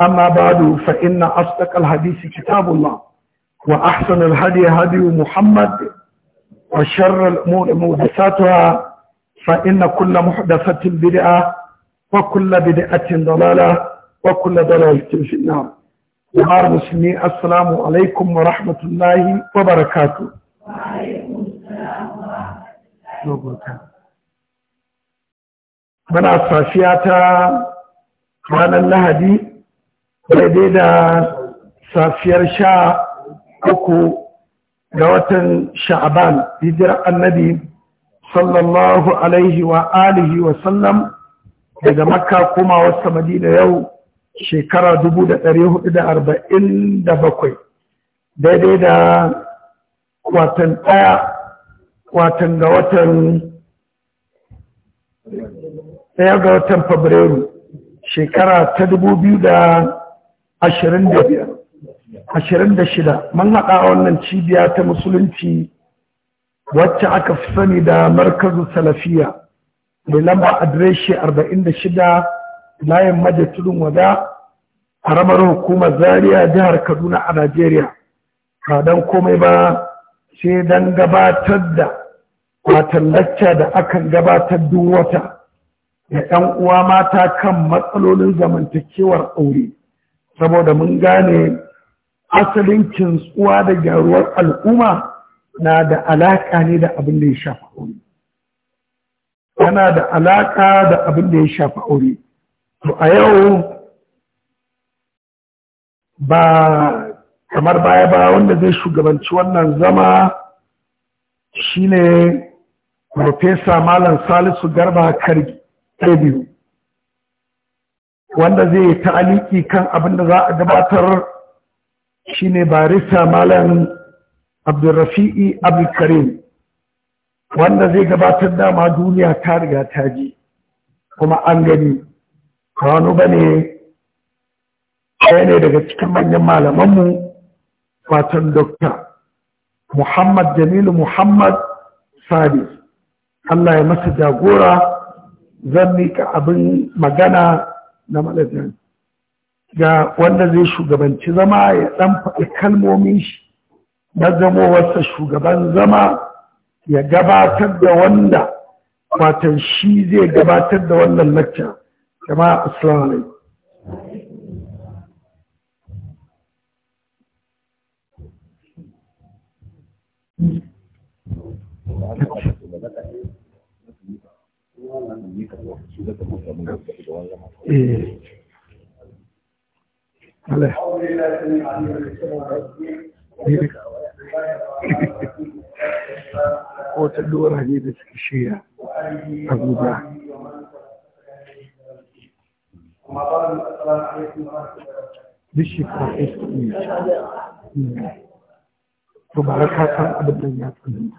أما بعد فإن أصدق الحديث كتاب الله وأحسن الهدي هدي محمد وشر الأمور مهدساتها فإن كل محدثة بدعة وكل بدعة ضلالة وكل ضلالة في النار وعار المسلمين السلام عليكم ورحمة الله وبركاته وعليكم السلام ورحمة الله وبركاته من أصافياتا ranar lahadi daidai da safiyar sha uku ga watan sha'aban hijirar annabi sallallahu alaihi wa alihi wa sallam daga makka kuma wasu madina yau shekara bakwai, daidai da watan ɗaya watan ga watan daya ga watan fabrairu shekara ta da. ashirin da shida man haɗa wannan cibiya ta musulunci wacce aka fi sani da markazu salafiya mai lamba adireshi arba'in da shida layin majatulun wada a ramar hukumar Zariya jihar kaduna a najeriya ba don komai ba sai don gabatar da watan lacca da akan gabatar duk wata da 'yan uwa mata kan matsalolin zamantakewar aure saboda mun gane asalin kintsuwa da gyaruwar al'umma na da alaƙa ne da abin da ya shafa aure yana da alaƙa da abin da ya shafa aure to a yau ba kamar baya ba wanda zai shugabanci wannan zama shine Profesa Malam Salisu Garba ɗaya biyu. wanda zai ta'aliki kan abin da za a gabatar shi ne barista malam abdurrafi'i abdulkarim wanda zai gabatar dama duniya ta riga ta ji kuma an gani kwano ba ne ɗaya ne daga cikin manyan malamanmu fatan dokta muhammad jamilu muhammad sadi allah ya masa jagora zan miƙa abin magana na madadin ga wanda zai shugabanci zama ya ɗan faɗi kalmomin shi na zamowarsa shugaban zama ya gabatar da wanda watan shi zai gabatar da wannan lacca kama a Thank you. wata dora ne da suka shirya abuja duk shekara iska ne to ba ka san abin da ya tsananta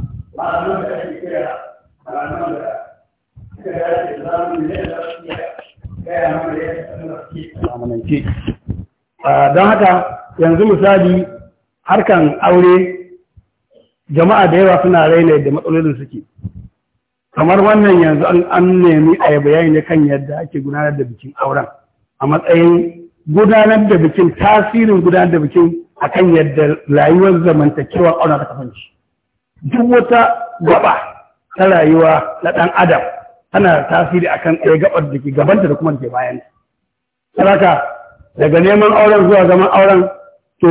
Ah, don haka yanzu misali harkan aure jama'a da yawa suna raina da matsalolin suke kamar wannan yanzu an nemi a bayani ne kan yadda ake gudanar da bikin auren a matsayin gudanar da bikin tasirin gudanar da bikin a kan yadda rayuwar zamantakewar aure ta kasance duk wata gaba ta rayuwa na ɗan adam ana tasiri a kan ɗaya gabar da ke gabanta da kuma da ke bayan saraka daga neman auren zuwa zaman auren to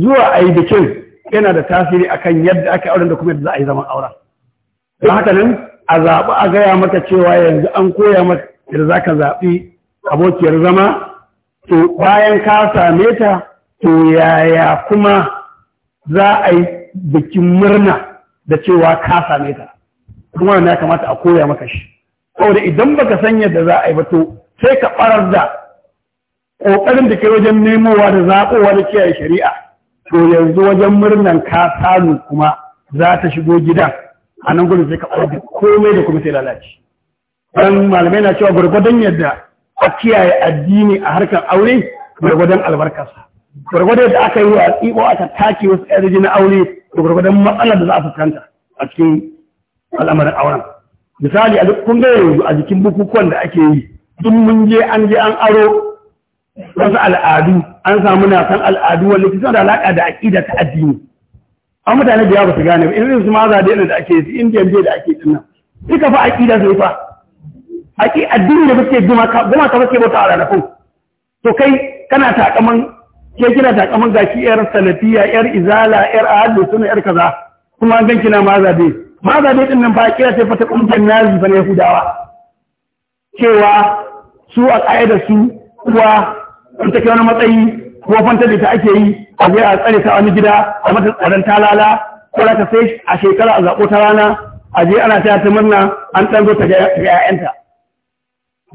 zuwa a yi bikin yana da tasiri a kan yadda ake auren da kuma yadda za a yi zaman auren don haka nan a zaɓi a gaya maka cewa yanzu an koya maka yadda za ka zaɓi abokiyar zama to bayan ka same ta to yaya kuma za a yi bikin murna da cewa ka same ta kuma ya kamata a koya maka shi saboda idan baka san yadda za a yi ba to sai ka farar da ƙoƙarin da ke wajen nemowa da zaɓowa da kiyaye shari'a to yanzu wajen murnan ka samu kuma za ta shigo gidan a nan gudun sai ka ɓarbi komai da kuma sai lalace ɗan malamai na cewa gwargwadon yadda a kiyaye addini a harkar aure gwargwadon albarkarsa gwargwadon da aka yi wa tsibo aka take wasu ƴan rijina aure da gwargwadon matsalar da za a fuskanta a cikin al'amarin auren misali a kun ga yanzu a jikin bukukuwan da ake yi tun mun je an je an aro wasu al'adu an samu na san al'adu wanda ke da alaƙa da aƙida ta addini an mutane da yawa su gane ba irin su maza da da ake yi indiyan da ake dinnan duka fa aƙida sai fa aƙi addini da muke gumaka gumaka muke bauta a ranakun to kai kana takaman ke kina takamin gashi yar salafiya yar izala yar ahadu suna yar kaza kuma an ganki na mazabe mazabe din nan ba kira sai fata kungiyar nazi fa na hudawa. cewa su a kaida su kuwa an take wani matsayi ko fanta da ta ake yi a je a tsare ta wani gida a mata tsaron talala ko za ta sai a shekara a zaɓo ta rana a je ana ta ta murna an ɗan zo ta ga 'ya'yanta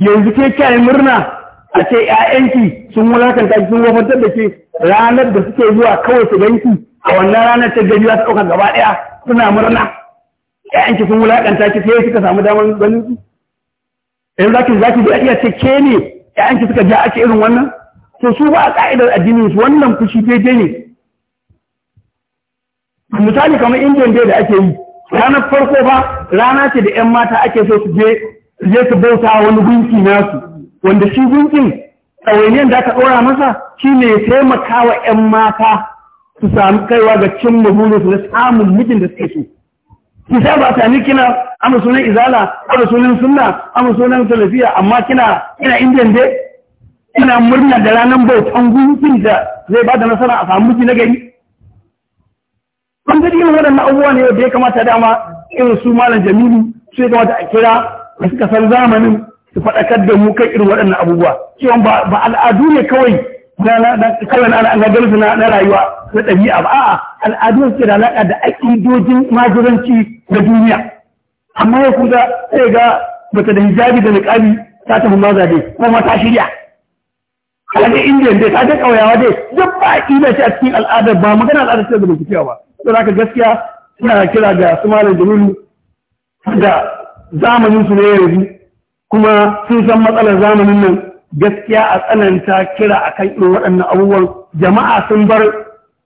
yanzu ke kyaye murna a ce ‘ya'yanki sun wulakanta sun wafantar da ke ranar da suke zuwa kawai su ganki a wannan ranar ta gari za su ɗauka gaba ɗaya suna murna ‘ya'yanki sun wulakanta ki sai suka samu damar ganin su yanzu za ki za ki iya ce ke ne ‘ya'yanki suka ja ake irin wannan to su ba a ka'idar addinin su wannan fushi daidai ne misali kamar indiyan dai da ake yi ranar farko fa rana ce da ‘yan mata ake so su je su bauta wani gunki nasu wanda shi gunkin ɗawainiyar da aka ɗora masa shi ne taimaka wa ‘yan mata su sami kaiwa ga cin su na samun mijin da suke su. Kisa ba ta ni kina amma sunan izala, amma sunan sunna, amma sunan talafiya, amma kina ina indiyan dai, ina murna da ranar bautan gunkin da zai ba da nasara a samu miji na gari. Kun gadi yin waɗannan abubuwa ne da ya kamata dama irin su malam Jamilu, su ya kamata a kira da suka san zamanin su faɗakar da mu kan irin waɗannan abubuwa cewa ba al'adu ne kawai na kawai na gagarsu na rayuwa na ɗabi'a ba a'a al'adu suke da alaƙa da aƙidojin majuranci na duniya amma ya kuga sai ga bata da hijabi da niƙabi ta tafi maza dai ko ma ta shirya kaje indiyan dai ta je ƙauyawa dai duk ba aƙida ce a cikin al'adar ba magana al'adar ce da bincikewa ba don haka gaskiya suna kira ga su malam jamilu da zamanin su ne yanzu kuma sun san matsalar zamanin nan gaskiya a tsananta kira akan irin waɗannan abubuwan jama'a sun bar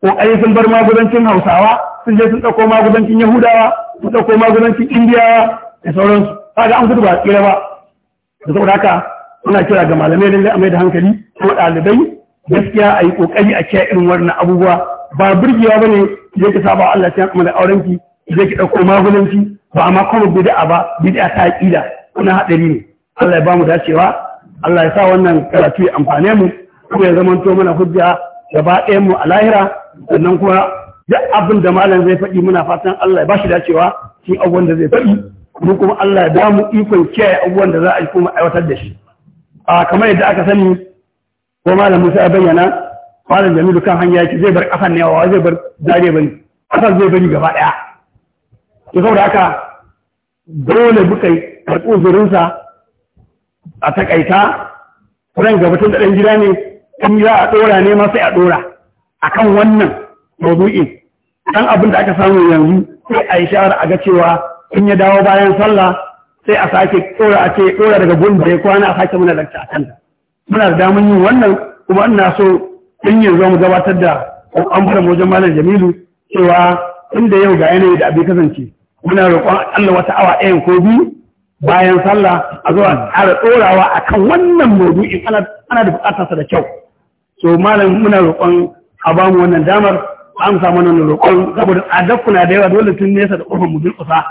ƙoƙari sun bar magudancin hausawa sun je sun ɗauko magudancin yahudawa sun ɗauko magudancin indiyawa da sauransu kaga an gudu ba tsira ba da saboda haka muna kira ga malamai da zai mai da hankali ko ɗalibai gaskiya a yi ƙoƙari a kiyaye irin waɗannan abubuwa ba burgewa ba ne zai ki saba Allah sai kuma da aurenki zai ki ɗauko magudanci ba amma kuma bid'a ba bid'a ta ƙila kuna haɗari ne Allah ya ba mu dacewa Allah ya sa wannan karatu ya amfane mu kuma ya zamanto mana hujja gaba ɗayan mu a lahira sannan kuma duk abin da malam zai faɗi muna fatan Allah ya ba shi dacewa shi abubuwan da zai faɗi kuma kuma Allah ya ba mu ikon kiyaye abubuwan da za a kuma aiwatar da shi a kamar yadda aka sani ko malam Musa ya bayyana malam Jamilu kan hanya yake zai bar kafan ne wa zai bar zare bane kafan zai bari gaba ɗaya to saboda haka dole bukai karɓi uzurinsa a takaita ran gabatun da ɗan gida ne in za a ɗora ne ma sai a ɗora a kan wannan mazu'in ɗan abin da aka samu yanzu sai a yi shawara a ga cewa in ya dawo bayan sallah sai a sake ɗora a ce ɗora daga gun da ya kwana a sake muna lakta a kanta muna da damar yin wannan kuma ina so in yanzu mu gabatar da an fara wajen malam jamilu cewa inda yau ga yanayi da abin kasance muna roƙon allah wata awa ɗayan ko biyu bayan sallah a zuwa ƙara ɗorawa a kan wannan in ana da buƙatarsa da kyau so malam muna roƙon a ba mu wannan damar amsa samu na roƙon saboda adabku na da yawa dole tun nesa da ƙofar mu durƙusa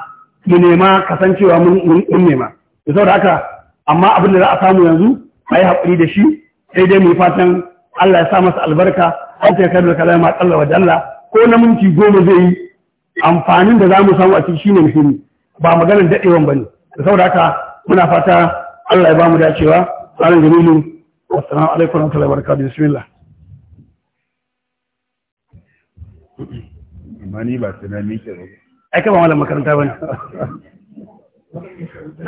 mu nema kasancewa mun nema da saboda haka amma abin da za a samu yanzu a yi haƙuri da shi sai dai mu yi fatan Allah ya sa masa albarka an ta kai da kalama Allah wa dalla ko na minti goma zai yi amfanin da za mu samu a cikin shine muhimmi ba maganar daɗewan ba ne Da saboda haka muna fata Allah ya bamu dacewa tsarin jamilu assalamu alaikum wa rahmatullahi wa barakatuh bismillah mani ba tunani ke ba ai kaba malam makaranta bane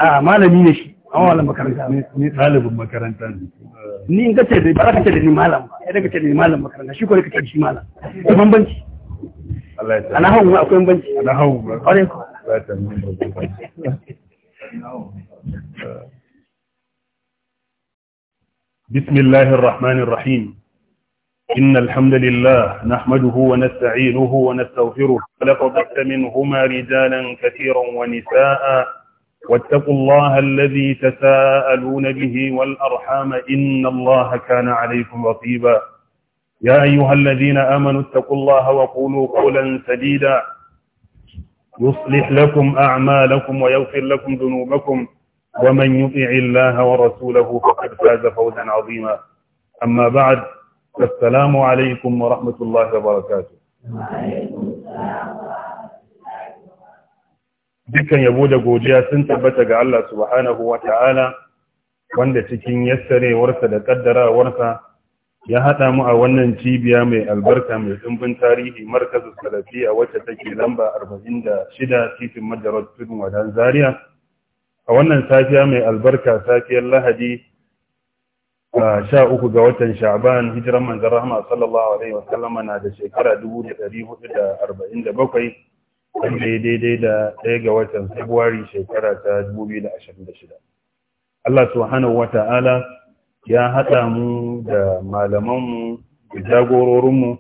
a malami ne shi an malam makaranta ni talibin makaranta ne ni in kace da ba ka ce da ni malam ba idan kace da ni malam makaranta shi ko kace da shi malam da bambanci Allah ya tsare ana hawo akwai bambanci ana hawo ba ba ta mun ba بسم الله الرحمن الرحيم إن الحمد لله نحمده ونستعينه ونستغفره ولقد منهما رجالا كثيرا ونساء واتقوا الله الذي تساءلون به والأرحام إن الله كان عليكم رقيبا يا أيها الذين آمنوا اتقوا الله وقولوا قولا سديدا يصلح لكم أعمالكم ويغفر لكم ذنوبكم ومن يطع الله ورسوله فقد فاز فوزا عظيما أما بعد السلام عليكم ورحمة الله وبركاته dukkan yabo da godiya sun tabbata ga Allah subhanahu wa ta'ala wanda cikin yassarewarsa da kaddarawarsa ya haɗa mu a wannan cibiya mai albarka mai ɗumbin tarihi markazu salafiya wacce take lamba 46 titin madarar tudun wadan zaria a wannan safiya mai albarka safiyar lahadi a sha uku ga watan sha'ban hijiran manzan rahama sallallahu alaihi wa sallama, na da shekara 1447 daidai da ɗaya ga watan februari shekara ta 2026 Allah subhanahu wa ta'ala ya haɗa mu da malamanmu da jagororinmu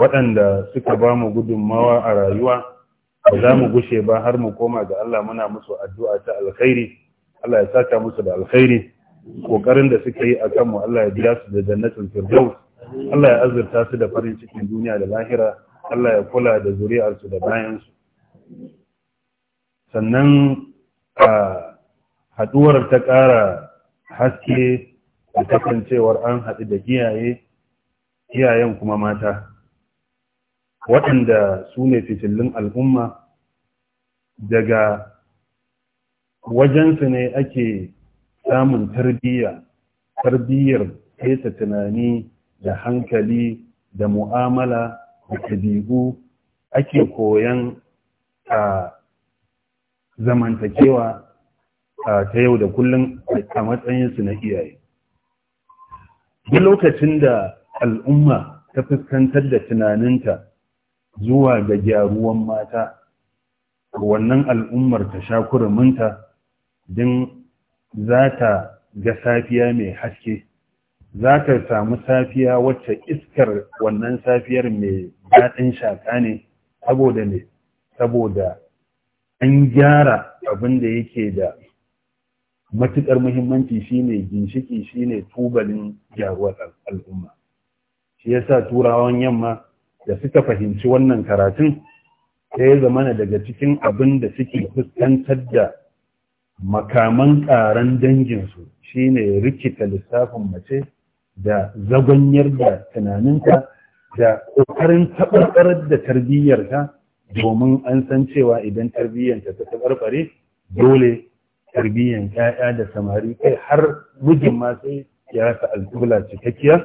waɗanda suka ba mu gudunmawa a rayuwa ba za mu gushe ba har mu koma ga Allah muna musu addu'a ta alkhairi Allah ya saka musu da alkhairi Ƙoƙarin da suka yi a kanmu, Allah ya biya su da jannatin firdaus Allah ya azurta su da farin cikin duniya da lahira Allah ya kula da zuri'arsu da bayansu sannan a haɗuwar ta ƙara haske da kasancewar an haɗu da giyaye iyayen kuma mata waɗanda su ne fitillin al'umma daga wajensu ne ake samun tarbiyya tarbiyyar fesa tunani da hankali da mu'amala da ɗabi'u ake koyan a zamantakewa ta yau da kullum a matsayinsu na iyaye duk lokacin da al'umma ta fuskantar da tunaninta zuwa ga gyaruwan mata wannan al'ummar ta sha kuruminta din za ta ga safiya mai haske za ta samu safiya wacce iskar wannan safiyar mai daɗin shaka ne saboda ne saboda an gyara abin da yake da matuƙar muhimmanci shine ginshiki shine tubalin gyaruwar al'umma shi yasa turawan yamma da suka fahimci wannan karatun sai ya zamana daga cikin abin da suke fuskantar da makaman ƙaran danginsu shine rikita lissafin mace da zagonyar da tunaninta da ƙoƙarin taɓarɓar da tarbiyyarta domin an san cewa idan tarbiyyarta ta taɓarɓare dole tarbiyyar ƴaƴa da samari kai har mijin ma sai ya rasa alƙubla cikakkiya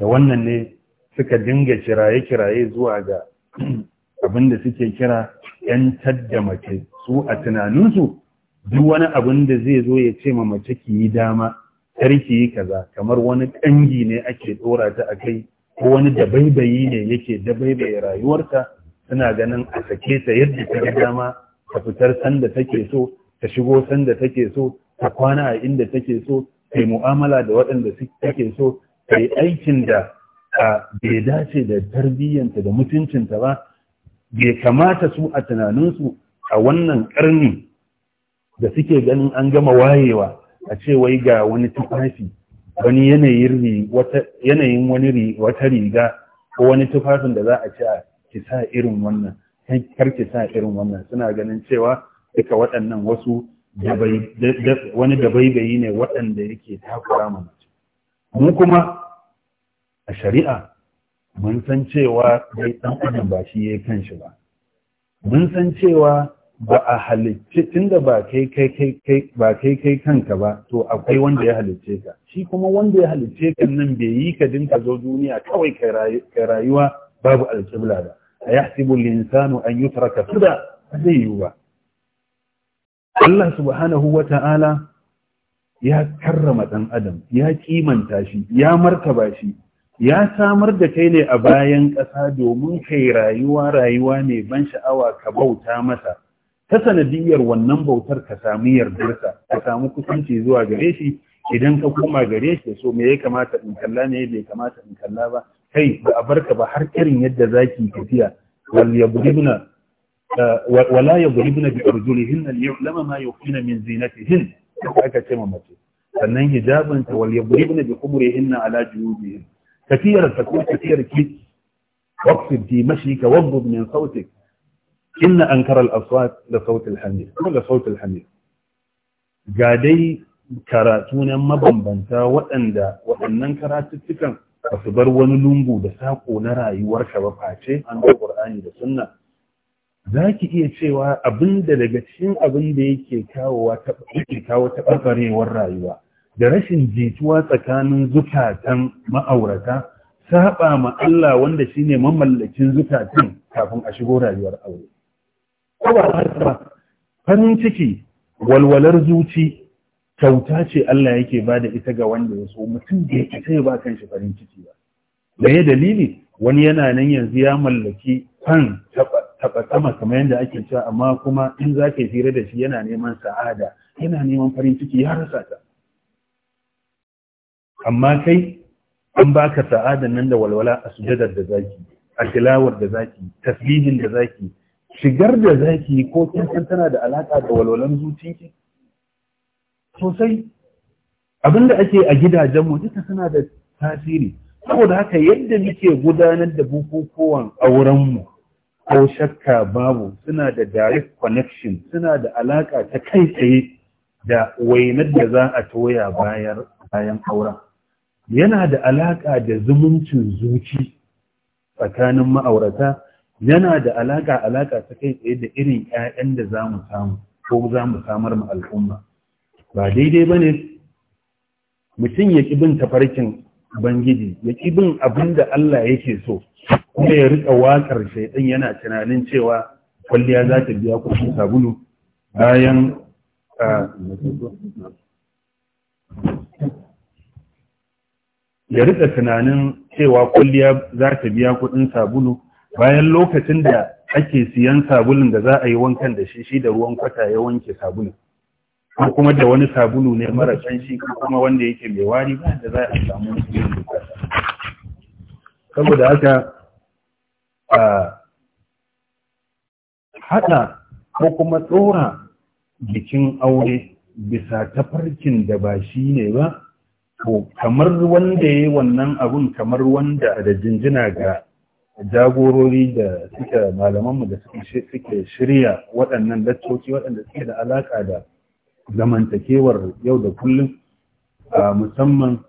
da wannan ne suka dinga kiraye-kiraye zuwa ga abin da suke kira 'yan da mace su a tunaninsu duk wani abin da zai zo ya ce ma mace ki yi dama ki yi kaza kamar wani ƙangi ne ake ɗora ta a kai ko wani dabaibayi ne yake dabaibaye rayuwarta suna ganin a sake ta yadda ta ga dama ta fitar sanda take so ta shigo sanda take so ta kwana a inda take so ta yi mu'amala da waɗanda take so ta yi aikin da bai dace da tarbiyyanta da mutuncinta ba bai kamata su a tunaninsu a wannan ƙarni da suke ganin an gama wayewa a ce wai ga wani tufafi wani yanayin wani wata riga ko wani tufafin da za a ce a ki sa irin wannan kar ki sa irin wannan suna ganin cewa duka waɗannan wasu wani dabaibayi ne waɗanda yake takura ce. mu kuma a shari'a mun san cewa dai ɗan adam ba shi ya kan shi ba mun san cewa ba a halicci da ba kai kai kanka ba to akwai wanda ya halicce ka shi kuma wanda ya halicce ka nan bai yi ka dinka zo duniya kawai ka rayuwa babu alƙibla ba a yahsibu linsanu an yi su da zai yiwu ba Allah subhanahu wa ta'ala ya karrama ɗan adam ya kimanta shi ya martaba shi ya samar da kai ne a bayan ƙasa domin kai rayuwa rayuwa ne ban sha'awa ka bauta masa ta sanadiyar wannan bautar ka sami yardarsa ka samu kusanci zuwa gare shi idan ka koma gare shi so me ya kamata in kalla ne bai kamata in kalla ba kai ba a barka ba har irin yadda zaki tafiya wal yabdibna wala yadribna bi arjulihinna liya'lama ma yukhfina min zinatihin aka ce mace sannan hijabin ta wal yadribna bi khumurihinna ala jubihin tafiyar ta ko tafiyar ki waqfid di mashika wabd min sautik inna ankara al aswat la saut al hamir kuma saut al hamir ga dai karatu na mabambanta waɗanda waɗannan karatuttukan ba su bar wani lungu da sako na rayuwarka ba face an da qur'ani da sunna za ki iya cewa abin da daga cikin abin da yake kawo taɓarɓarewar rayuwa da rashin jituwa tsakanin zukatan ma'aurata saba ma Allah wanda shi ne mamallakin zukatan kafin a shigo rayuwar aure. farin ciki walwalar zuci kyauta ce Allah yake ba da ita ga wanda ya so mutum da yake ya ba kan shi farin ciki ba. Me ya dalili wani yana nan yanzu ya mallaki kan taɓaɓɓama kamar yadda ake cewa amma kuma in za ka yi hira da shi yana neman sa'ada yana neman farin ciki ya rasa ta amma kai an ka sa'ada nan da walwala a sujadar da zaki a tilawar da zaki tasbihin da zaki shigar da zaki ko kin san tana da alaka da walwalan zuciyarki sosai abinda ake a gidajen mu duka suna da tasiri saboda haka yadda muke gudanar da bukukuwan aurenmu ko shakka babu suna da direct connection suna da alaka ta kai tsaye da wainar da za a toya bayar bayan auren yana da alaka da zumuncin zuci tsakanin ma'aurata yana da alaka alaka ta kai tsaye da irin 'ya'yan da za mu samu ko za mu samar ma al'umma ba daidai ba ne mutum ya ƙi bin tafarkin ubangiji ya ƙi bin abin da Allah yake so kuma ya rika wakar shaidan yana tunanin cewa kwalliya za ta biya kuɗin sabulu bayan ya rika tunanin cewa kwalliya za ta biya kuɗin sabulu bayan lokacin da ake siyan sabulun da za a yi wankan da shi shi da ruwan kwata ya wanke sabulu, ko kuma da wani sabulu ne mara canshi ko kuma wanda yake mai wari da za a samu saboda haka haɗa ko kuma tsora bikin aure bisa tafarkin da ba shi ne ba ko kamar wanda ya yi wannan abun kamar wanda da jinjina ga jagorori da suke malamanmu da suke shirya waɗannan lattoci waɗanda suke da alaƙa da zamantakewar yau da kullum a musamman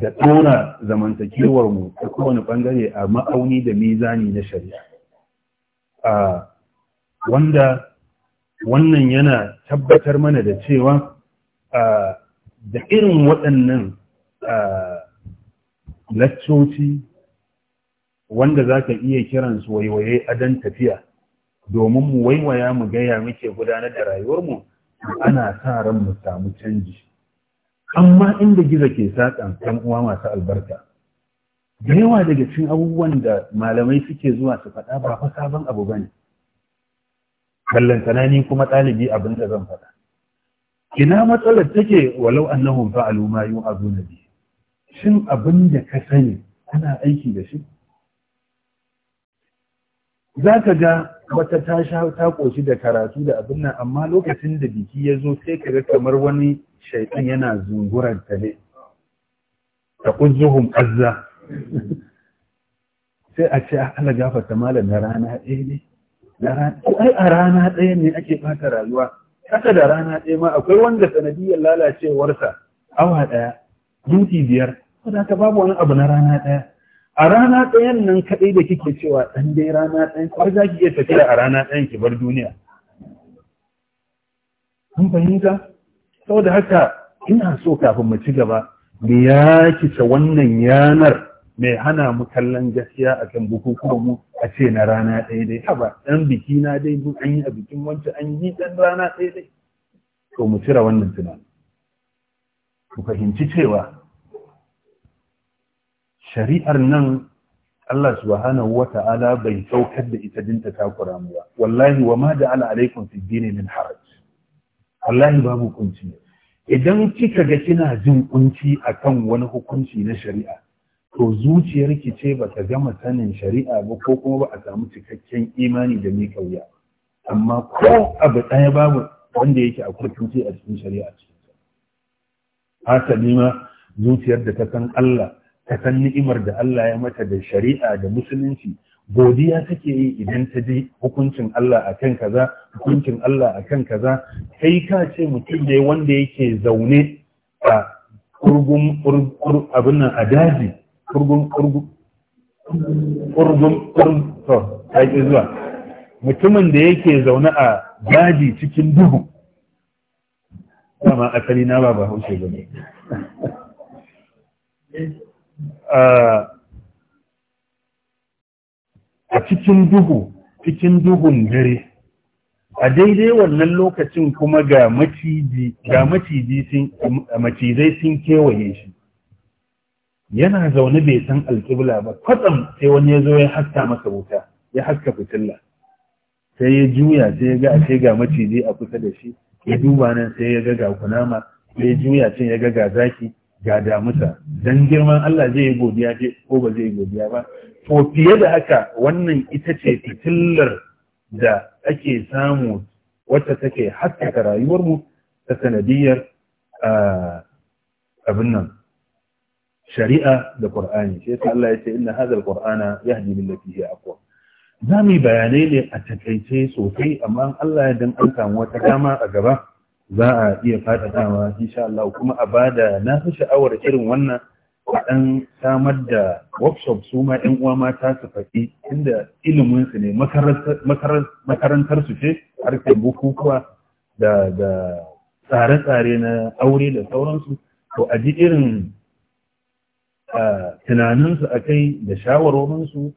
da ɗora zamantakewar mu ta kowane ɓangare a ma'auni da mizani na shari'a. A wanda wannan yana tabbatar mana da cewa da irin waɗannan laccoci wanda za ka iya kiransu waiwaye adon tafiya domin mu waiwaya mu gaya muke gudanar da rayuwarmu ana sa ran mu samu canji. amma inda gizo ke saƙan ɗan uwa masu albarka da yawa daga cikin abubuwan da malamai suke zuwa su faɗa ba fa sabon abu ba ne Kallon ni kuma ɗalibi abin da zan faɗa ina matsalar take walau annahum fa'alu ma yu'azuna bi shin abin da ka sani kana aiki da shi za ka ga wata ta sha ta ƙoshi da karatu da abin nan amma lokacin da biki ya zo sai ka ga kamar wani shaitan yana zunguranta ne ta kuzuhun azza sai a ce ah, ala gafarta malam na rana ɗaya ne ko ai a rana ɗaya ne ake fata rayuwa Haka da rana ɗaya ma akwai wanda sanadiyar lalacewarsa awa ɗaya duki biyar saboda ka babu wani abu na rana ɗaya a rana ɗayan nan kaɗai da kike cewa ɗan dai rana ɗayan kawai za ki iya tafiya a rana ɗayan ki bar duniya kun fahimta saboda haka ina so kafin mu ci gaba mu yakice wannan yanar mai hana mu kallon gaskiya a kan bukukuwan mu a ce na rana ɗaya dai haba ɗan biki na dai duk an yi a bikin wancan an yi ɗan rana ɗaya dai to mu cire wannan tunani ku fahimci cewa shari'ar nan Allah subhanahu wa ta'ala bai saukar da ita dinta takura mu ba wallahi wa ma da ala alaikum fi dini min haraj wallahi babu kunci idan kika ga kina jin kunci akan wani hukunci na shari'a to zuciyarki ce ba ta gama sanin shari'a ba ko kuma ba a samu cikakken imani da mai kauya amma ko abu ɗaya babu wanda yake akwai kunci a cikin shari'a ce hasali ma zuciyar da ta san Allah ta san ni'imar da Allah ya mata da shari'a da musulunci godiya take yi idan ta ji hukuncin Allah a kan kaza hukuncin Allah a kan kaza kai ka ce mutum ne wanda yake zaune a kurgun abin nan a daji kurgun kurgun kurgun to ta zuwa mutumin da yake zaune a daji cikin duhu dama asali na ba ba hausa ba ne ah, a cikin duhu cikin duhun dare a daidai wannan lokacin kuma ga maciji ga maciji macizai sun kewaye shi yana zaune bai san alƙibla ba kwatsam sai wani ya zo ya haska masa wuta ya haska fitilla sai ya juya sai ya ga ashe ga maciji a kusa da shi ya duba nan sai ya ga ga kunama sai ya juya sai ya ga ga zaki ga damusa dan girman Allah zai yi godiya ko ba zai yi godiya ba to fiye da haka wannan ita ce fitillar da ake samu wacce take haskaka rayuwarmu ta sanadiyar abin nan shari'a da Qur'ani sai ta Allah ya ce inna hadha al-Qur'ana yahdi lil lati hiya aqwa zamu bayanai ne a takaice sosai amma Allah ya dan an samu wata dama a gaba za a iya fada dama insha Allah kuma a bada na fi sha'awar irin wannan a samar da workshop su ma ‘yan uwa mata su faɗi inda iliminsu ne makarantar su ce harkar bukukuwa da tsare-tsare na aure da sauransu to a ji irin tunaninsu a kai da shawarorinsu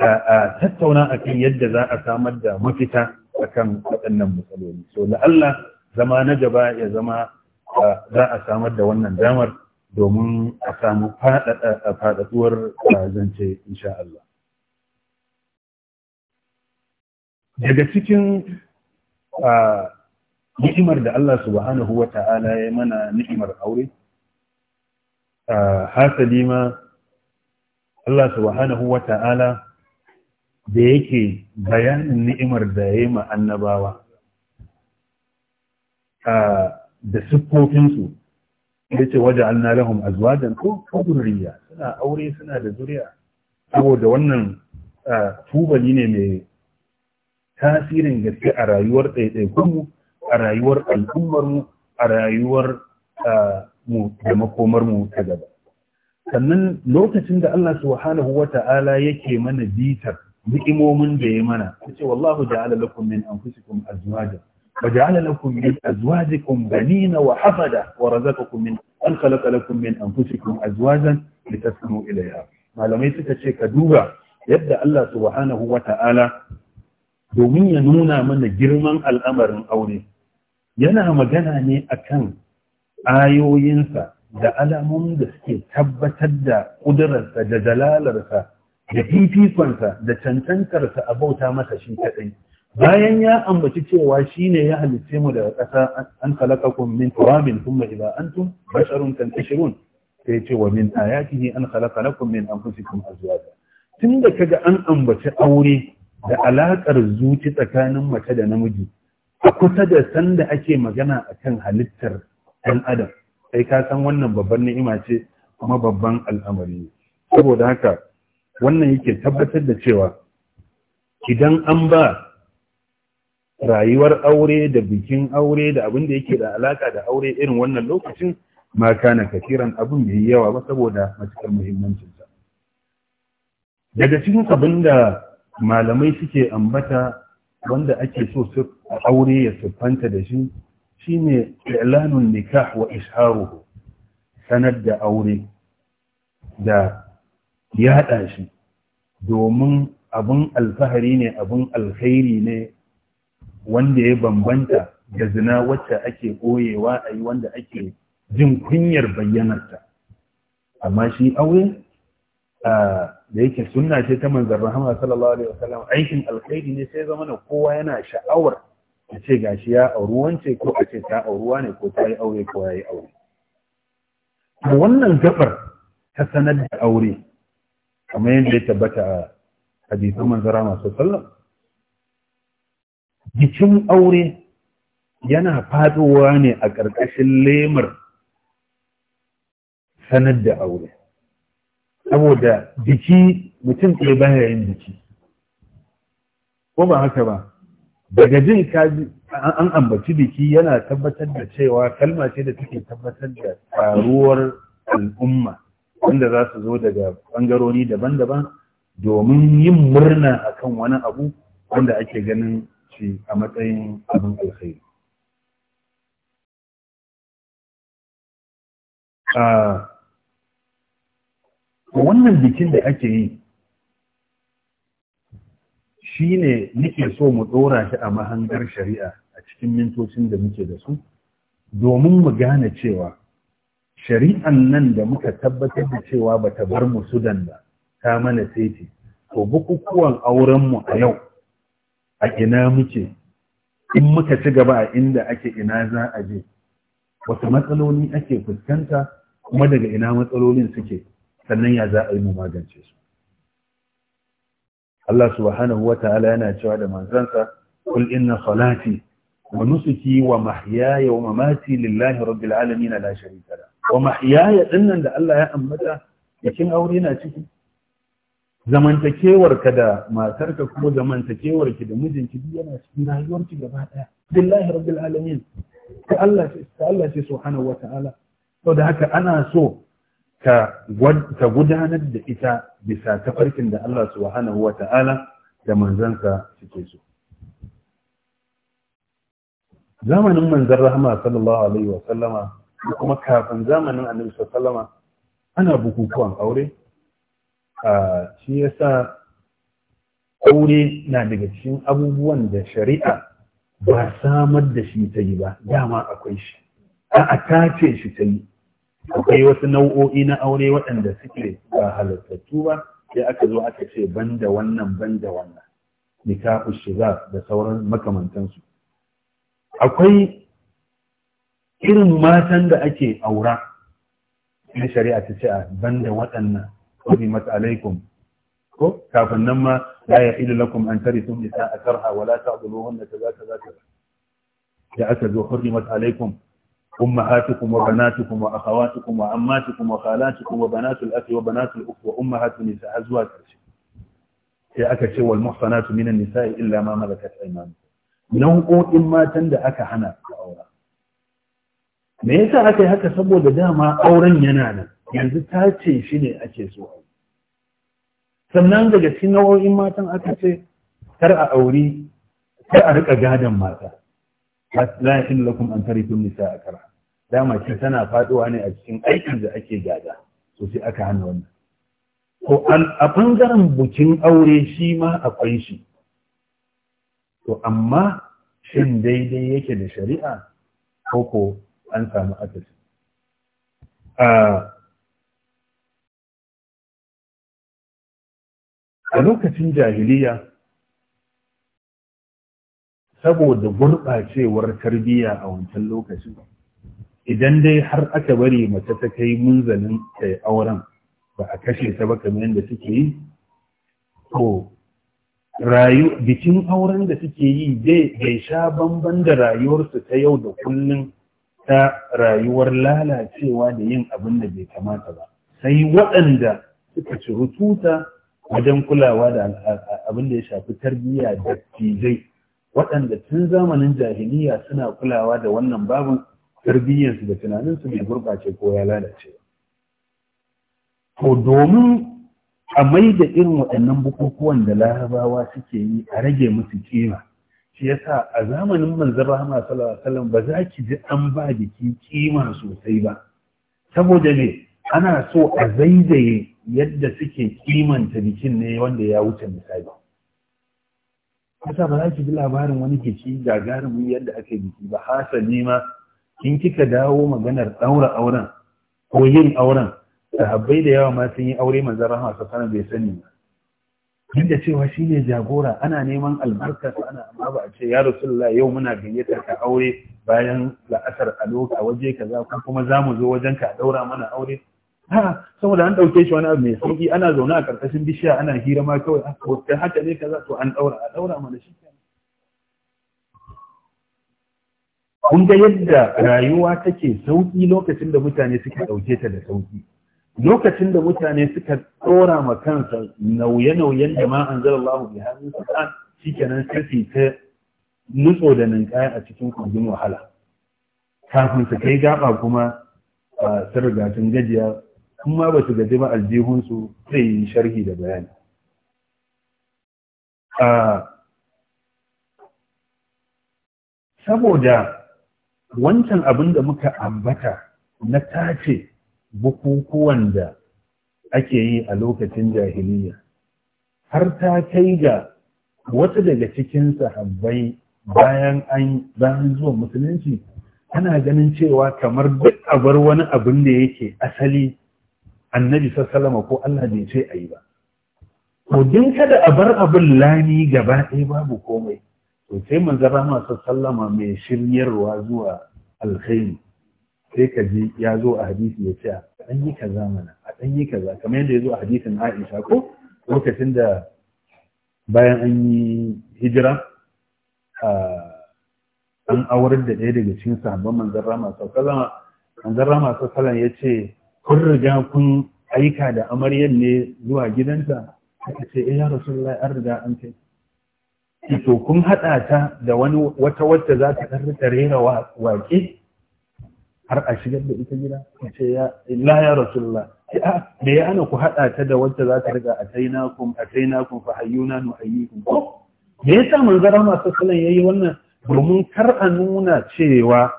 a tattauna a kan yadda za a samar da mafita a kan waɗannan matsaloli so la'alla zama na gaba ya zama za a samar da wannan damar domin a samu faɗaɗuwar zance insha Allah. Daga cikin ni'imar da Allah subhanahu wa ta'ala ya mana ni'imar aure, hasali ma Allah subhanahu wa ta'ala da yake bayanin ni'imar da ya yi annabawa da siffofinsu yace waja'alna lahum azwajan ko dhurriya suna aure suna da zuriya saboda wannan tubali ne mai tasirin gaske a rayuwar ɗaiɗaikunmu a rayuwar al'ummarmu a rayuwar mu da makomarmu ta gaba sannan lokacin da Allah subhanahu wa ta'ala yake mana bitar ni'imomin da ya mana yace wallahu ja'ala lakum min anfusikum azwajan وجعل لكم من أزواجكم بنين وحفدة ورزقكم من أن خلق لكم من أنفسكم أزواجا لتسكنوا إليها ما لم يتكشي كدوبة يبدأ الله سبحانه وتعالى domin ya nuna mana girman al'amarin aure yana magana ne a kan ayoyinsa da alamun da suke tabbatar da ƙudurarsa da dalalarsa da fifikonsa da cancantarsa a bauta masa shi kaɗai bayan ya ambaci cewa shine ya halitte mu daga ƙasa an khalaqakum min turabin thumma an antum basharun tantashirun sai ce wa min ayatihi an khalaqa lakum min anfusikum azwaja tunda kaga an ambaci aure da alaƙar zuci tsakanin mace da namiji a kusa da sanda ake magana a kan halittar ɗan adam sai ka san wannan babban ni'ima ce kuma babban al'amari saboda haka wannan yake tabbatar da cewa idan an ba rayuwar aure da bikin aure da abin da yake da alaka da aure irin wannan lokacin ma kana kafiran abin bai yawa ba saboda matukar muhimmancinsa daga cikin abin da malamai suke ambata wanda ake so su aure ya siffanta da shi shine i'lanun nikah wa isharuhu sanar da aure da yaɗa shi domin abin alfahari ne abin alkhairi ne wanda ya bambanta da zina wacce ake koyewa a yi wanda ake jin kunyar bayyanarta amma shi aure da yake suna ce ta manzan rahama sallallahu alaihi wasallam aikin alkhairi ne sai zama na kowa yana sha'awar a ce gashi ya auri wance ko a ce ta auruwa ne ko ta yi aure ko ya yi aure wannan gabar ta sanar da aure kamar yadda ya tabbata a hadisan manzara masu sallallahu jikin aure yana faɗowa ne a ƙarƙashin lemar sanar da aure saboda jiki mutum ɗaya baya yin jiki ko ba haka ba daga jin kaji an ambaci jiki yana tabbatar da cewa kalma ce da take tabbatar da faruwar al'umma wanda za su zo daga ɓangarori daban-daban domin yin murna akan wani abu wanda ake ganin ce a matsayin abin alkhairi wannan bikin da ake yi shi ne nike so mu ɗora shi a mahangar shari'a a cikin mintocin da muke da su domin mu gane cewa shari'an nan da muka tabbatar da cewa ba ta bar mu sudan ba ta mana saiti to bukukuwan aurenmu a yau a ina muke in muka ci gaba a inda ake ina za a je wata matsaloli ake fuskanta kuma daga ina matsalolin suke sannan ya za a yi mu magance su Allah subhanahu wa ta'ala yana cewa da manzansa kul inna salati wa nusuki wa mahyaya wa mamati lillahi rabbil alamin la sharika la wa mahyaya dinnan da Allah ya ammata cikin aure na ciki zamantakewarka da matarka ko zamantakewarki da mijinki duk yana cikin rayuwarki gaba daya billahi rabbil alamin ta Allah ta Allah ce subhanahu wataala to da haka ana so ka ka gudanar da ita bisa tafarkin da Allah subhanahu wataala da manzansa suke so zamanin manzon rahama sallallahu alaihi wa sallama kuma kafin zamanin annabi sallallahu alaihi wa sallama ana bukukuwan aure shi yasa aure na daga cikin abubuwan da shari'a ba samar da shi ta yi ba dama akwai shi a tace shi ta yi akwai wasu nau'o'i na aure waɗanda suke ba halartattu ba sai aka zo aka ce banda wannan banda wannan nikahu shiga da sauran makamantansu akwai irin matan da ake aura na shari'a ta ce a banda waɗannan hurimat alaikum ko kafin nan ma la ya ilu lakum an tarisu nisa'a karha wala ta'dhuluhunna kaza kaza kaza da aka zo alaikum وبناتكم وأخواتكم وعماتكم وخالاتكم وبنات الأخ وبنات الأخت وأمهات النساء أزواج sai aka ce wal muhsanatu minan nisa'i illa ma malakat aymanukum nau'o'in matan da aka hana aura me yasa aka yi haka saboda dama auren yana nan yanzu ta ce shi ne ake so a sannan daga cikin nau'o'in matan aka ce kar a auri kar a rika gadon mata la yakin lakum an tarifin nisa a kara dama ce tana faduwa ne a cikin aikin da ake gada so sai aka hana wannan to a bangaren bukin aure shi ma akwai shi to amma shin daidai yake da shari'a ko ko an samu akasi ah, a lokacin jahiliya saboda gurɓacewar tarbiyya a wancan lokacin idan dai har aka bari mace ta kai munzalin kai auren ba a kashe ta ba kamar yadda suke yi to rayu bikin auren da suke yi dai bai sha bamban da rayuwarsu ta yau da kullum ta rayuwar lalacewa da yin abin da bai kamata ba sai waɗanda suka ci rututa wajen kulawa da abin da ya shafi tarbiyya da tijai waɗanda tun zamanin jahiliya suna kulawa da wannan babin tarbiyyarsu da tunaninsu bai gurɓace ko ya lalace to domin a mai da irin waɗannan bukukuwan da larabawa suke yi a rage musu kima shi yasa a zamanin manzara rahama sallallahu ba za ki ji an ba biki kima sosai ba saboda ne ana so a zaizaye yadda suke kimanta bikin ne wanda ya wuce misali kasa ba za ki ji labarin wani ke ci yadda yadda yi biki ba hasali ma kin kika dawo maganar ɗaura auren ko yin auren sahabbai da yawa ma sun yi aure manzon rahama sallallahu bai sani ba duk da cewa shi ne jagora ana neman albarka ana amma ba a ce ya rasulullah yau muna gayyatar ka aure bayan la'asar a loka waje kaza ko kuma za mu zo wajen ka daura mana aure saboda an ɗauke shi wani abu mai sauƙi ana zaune a ƙarƙashin bishiya ana hira ma kawai ah, kai haka ne kaza to an ɗaura a ɗaura mana shi kun ga yadda rayuwa take sauƙi lokacin da mutane suka ɗauke ta da sauƙi lokacin da mutane suka ɗora ma kansa nauye-nauyen da ma an zara Allah bi hannun shi kenan sai ta nutso da ninkaya a cikin kogin wahala kafin su kai gaba kuma a riga gajiya in ma ba su gaji ba aljihunsu zai yi sharhi da bayani saboda wancan abin da muka ambata na tace bukukuwan da ake yi a lokacin jahiliya har ta kai ga wasu daga cikin sahabbai bayan an bayan zuwa musulunci ana ganin cewa kamar duk abar wani abin da yake asali annabi sassalama ko Allah bai ce a yi ba To din kada a bar abin lami gaba ɗaya babu komai to sai manzon rahama sallama mai shiryarwa zuwa alkhairi sai ka ji ya zo a hadisi ya ce a ɗan yi kaza mana a ɗan yi kaza kamar yadda ya zo a hadisin Aisha ko lokacin da bayan an yi hijira an aurar da ɗaya daga cikin sahabban manzon rama sallallahu manzon rama sallallahu ya ce kun riga kun aika da amaryar ne zuwa gidanta aka ce eh, ya rasulullahi an riga an kai to kun haɗa ta da wani wata wacce za ta ɗan rika rera waƙe har a shigar da ita gida ka ce ya la ya rasulullahi a me ya ana ku haɗa ta da wacce za ta riga a taina kun a taina kun fa hayyuna nu hayyukum ko me yasa manzara masu sallan yayi wannan domin kar a nuna cewa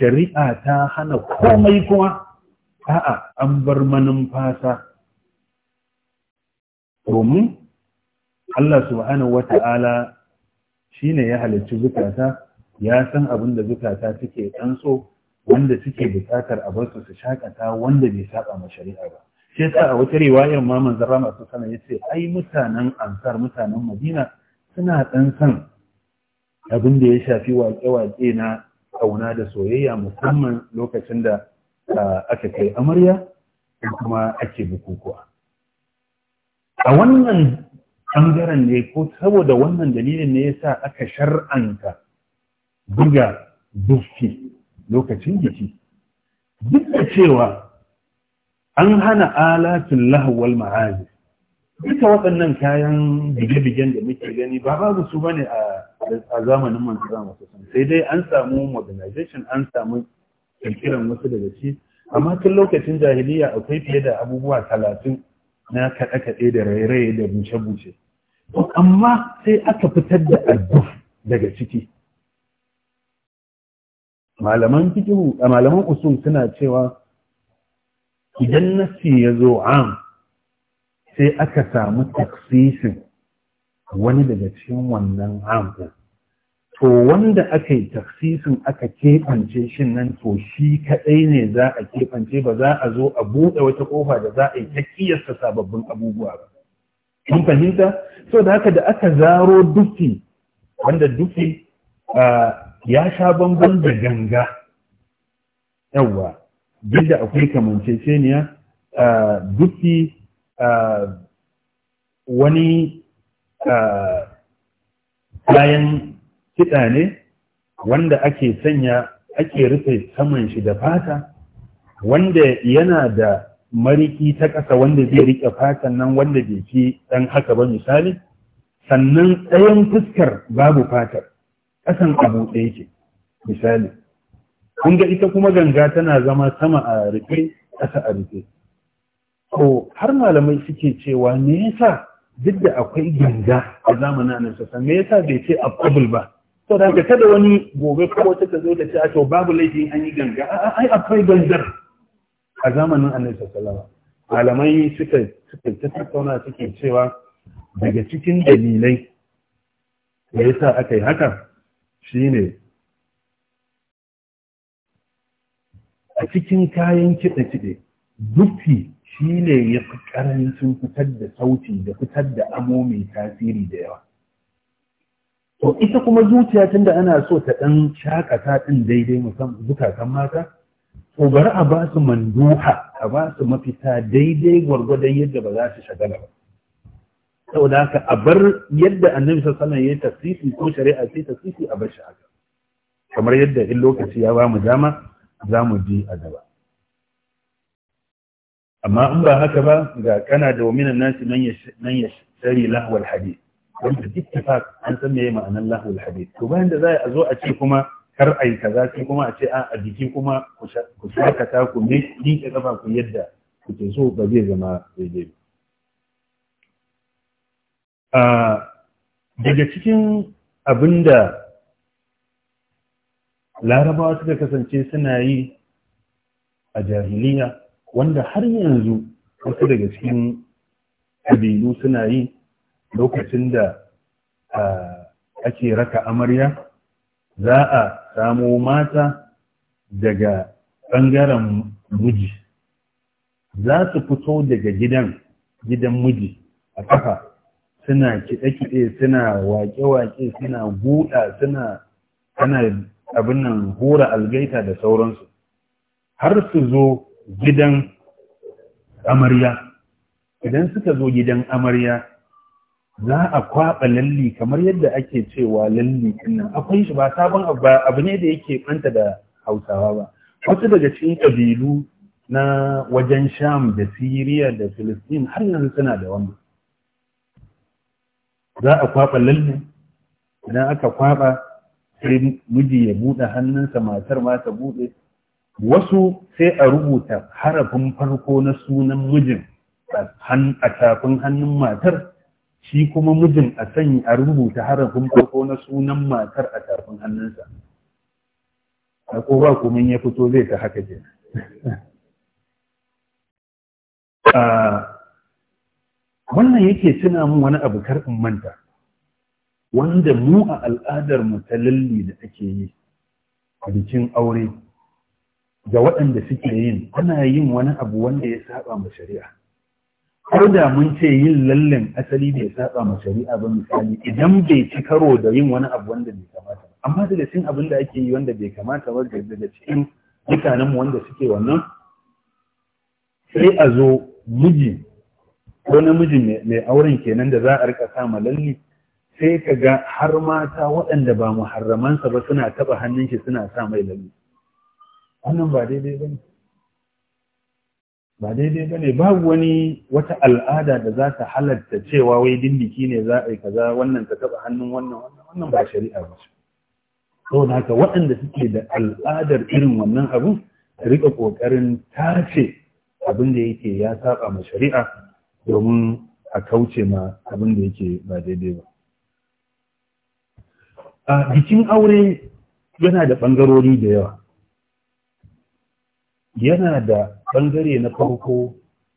shari'a ta hana komai kuma a'a an bar manin fasa. domin Allah subhanahu wata'ala shine ya halarci zukata ya san abin da zukata suke so, wanda suke bukatar a barsu su shakata wanda bai saba ma shari'a ba shi ta a wata riwayar ma manzon masu sallallahu alaihi yace ai mutanen Ansar mutanen Madina suna dan san abin da ya shafi waƙe-waƙe na kauna da soyayya musamman lokacin da aka kai amarya ko kuma ake bukukuwa a wannan ɓangaren ne ko saboda wannan dalilin ne ya sa aka shar'anta buga dufi lokacin jiki. duk da cewa an hana alatun lahawar ma'azi duka waɗannan kayan bige-bigen da muke gani ba babu su ba ne a zamanin manzara masu sai dai an samu modernization an samu kirkiran wasu daga ci amma tun lokacin jahiliya akwai fiye da abubuwa talatin na kaɗe-kaɗe da raye-raye da buce-buce amma sai aka fitar da addu daga ciki malaman fikihu a malaman usul suna cewa idan nasi ya zo am sai aka samu taksisin wani daga cikin wannan am to wanda aka yi taksisin aka keɓance shi nan to shi kaɗai ne za a keɓance ba za a zo a buɗe wata ƙofa da za a yi ta kiyasta sababbin abubuwa ba. Kun fahimta? So da haka da aka zaro duki wanda dufi ya sha bangon da ganga. Yawwa, duk da akwai kamanceceniya duki wani kayan kiɗa ne wanda ake sanya ake rufe saman shi da fata wanda yana da mariki ta ƙasa wanda zai riƙe fatan nan wanda bai fi ɗan haka ba misali sannan ɗayan fuskar babu fatar ƙasan abu ɗaya ce misali kun ga ita kuma ganga tana zama sama a rufe ƙasa a rufe ko har malamai suke cewa me yasa duk da akwai ganga a zamanin annabi me yasa bai ce abul ba to da kada wani gobe ko ta zo ta a to babu laifi an yi ganga ai akwai gangar a zamanin annabi sallallahu alaihi malamai suka suka tattauna suke cewa daga cikin dalilai da yasa aka yi haka shine a cikin kayan kiɗe-kiɗe dukki shine ne ya fi ƙarancin fitar da sauti da fitar da amo mai tasiri da yawa to ita kuma zuciya tunda ana so ta ɗan shakata ɗin daidai musamman zukatan mata to bari a ba su manduha a ba su mafita daidai gwargwadon yadda ba za su shagala ba saboda haka a bar yadda annabi sallallahu alaihi wasallam tasisi ko shari'a ce tasisi a bar shi haka kamar yadda in lokaci ya ba mu dama za mu ji a gaba amma in ba haka ba ga kana da minan nasi nan ya shari lahwal hadith wanda ittifaq an san meye ma'anar lahul hadith to bayan da za a zo a ce kuma kar a yi kaza sai kuma a ce a jiki kuma ku shakata ku ne ka kafa ku yadda kuke so ba zai zama daidai ba daga cikin abinda larabawa suka kasance suna yi a jahiliya wanda har yanzu wasu daga cikin kabilu suna yi lokacin da ake raka amarya za a samo mata daga ɓangaren miji za su fito daga gidan gidan miji a ƙafa. suna kiɗe-kiɗe suna waƙe-waƙe suna guda suna ana abin nan hura algaita da sauransu har su zo gidan amarya idan suka zo gidan amarya za a kwaɓa lalli kamar yadda ake cewa lalli nan akwai shi ba sabon abu ne da yake ɓanta da hausawa ba wasu daga cikin ƙabilu na wajen sham da siriya da filistin har yanzu suna da wannan za a kwaɓa lalli idan aka kwaɓa sai miji ya buɗe hannunsa matar ma ta buɗe wasu sai a rubuta harafin farko na sunan mijin a tafin hannun matar shi kuma mijin a sanya a rubuta harafin farko na sunan matar a tafin hannunsa a ko ba ya fito zai ta haka je wannan yake tuna min wani abu kar manta wanda mu a al'adar mu lalli da ake yi a bikin aure ga waɗanda suke yin ana yin wani abu wanda ya saba ma shari'a ko da mun ce yin lallen asali bai saba ma shari'a ba misali idan bai ci karo da yin wani abu wanda bai kamata ba amma daga cikin abin da ake yi wanda bai kamata ba daga cikin mutanen mu wanda suke wannan sai a zo miji ko namiji mai auren kenan da za a rika sama ma lalle sai ka ga har mata waɗanda ba muharramansa ba suna taɓa hannun shi suna sa mai lalle wannan ba daidai ba ne ba daidai ba ne babu wani wata al'ada da za ta halatta cewa wai dindiki ne za a yi kaza wannan ta taɓa hannun wannan wannan ba shari'a ba ce saboda haka waɗanda suke da al'adar irin wannan abun ta riƙa ƙoƙarin tace abin da yake ya saba ma shari'a domin a kauce ma abin da yake ba daidai ba a bikin aure yana da ɓangarori da yawa yana da bangare na farko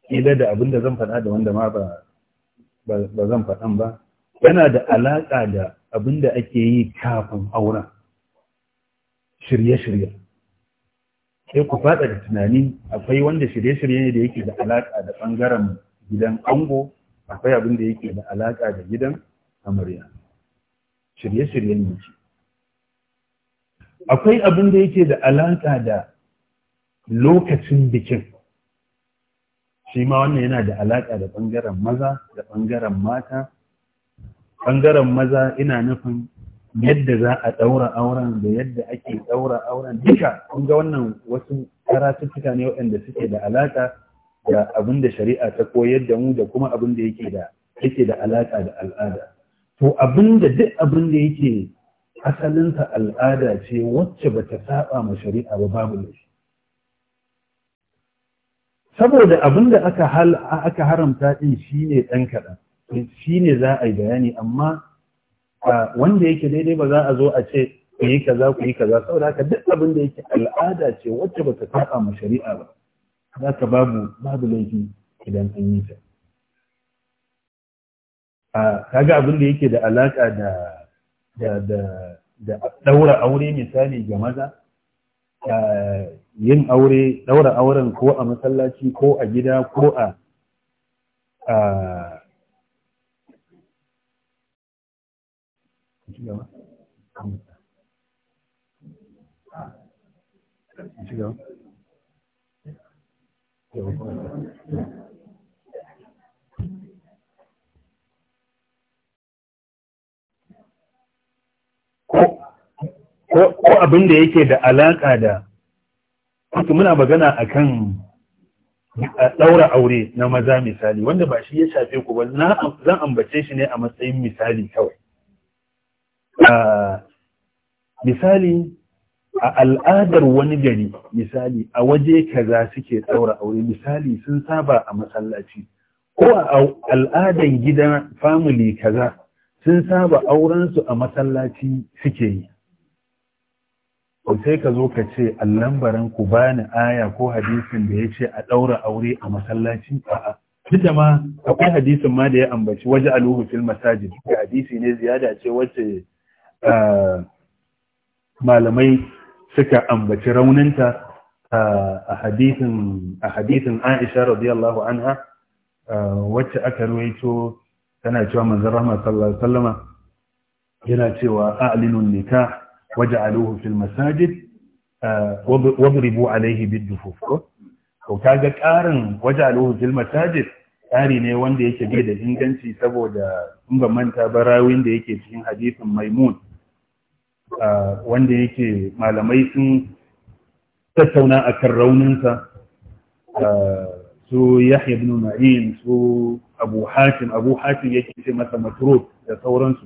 ila da abin da zan faɗa da wanda ma ba ba zan faɗan ba yana da alaƙa da abin da ake yi kafin auren shirye-shirye sai ku faɗa da tunani akwai wanda shirye-shirye ne da yake da alaƙa da ɓangaren gidan ango akwai abin da yake da alaƙa da gidan amarya shirye-shirye ne akwai abin da yake da alaƙa da lokacin bikin shi ma wannan yana da alaƙa da ɓangaren maza da ɓangaren mata ɓangaren maza ina nufin yadda za a ɗaura auren da yadda ake ɗaura auren duka kun ga wannan wasu karatuttuka ne waɗanda suke da alaƙa da abin da shari'a ta koyar da mu da kuma abin da yake da yake da alaƙa da al'ada to abin da duk abin da yake asalinsa al'ada ce wacce ba ta saba ma shari'a ba babu shi saboda abinda aka haramta din shine dan kaɗan shine za a yi bayani amma wanda yake daidai ba za a zo a ce ku yi kaza ku yi kaza saboda haka duk abin da yake al'ada ce wacce ba ta saba ma shari'a ba za ka babu babu laifi idan an yi ta kaga abin da yake da alaƙa da da da da daura aure misali ga maza yin aure ɗaura auren ko a masallaci ko a gida ko a ko abin da yake da alaƙa da wato muna magana akan ɗaura aure na maza misali wanda ba shi ya shafe ku ba zan ambace shi ne a matsayin misali kawai misali a al'adar wani gari misali a waje kaza suke ɗaura aure misali sun saba a masallaci ko a al'adan gidan family kaza sun saba aurensu a masallaci suke yi to sai ka zo ka ce allan ku bani aya ko hadisin da ya ce a ɗaura aure a masallaci a'a duk da ma akwai hadisin ma da ya ambaci waje aluhu fil masajid da hadisi ne ziyada ce wacce malamai suka ambaci rauninta a hadisin a hadisin Aisha radiyallahu anha wacce aka ruwaito tana cewa manzon rahma sallallahu alaihi wasallama yana cewa a'linun nikah waja'aluhu fil masajid eh, wadribu alaihi bidufuf to kaga ƙarin waja'aluhu fil masajid ƙari ne wanda yake bai da inganci saboda in ba manta ba rawin da yake cikin hadisin maimun eh, wanda yake malamai sun tattauna a kan rauninsa eh, su yahya ibn ma'in su abu hatim abu hatim yake ce masa matruk da sauransu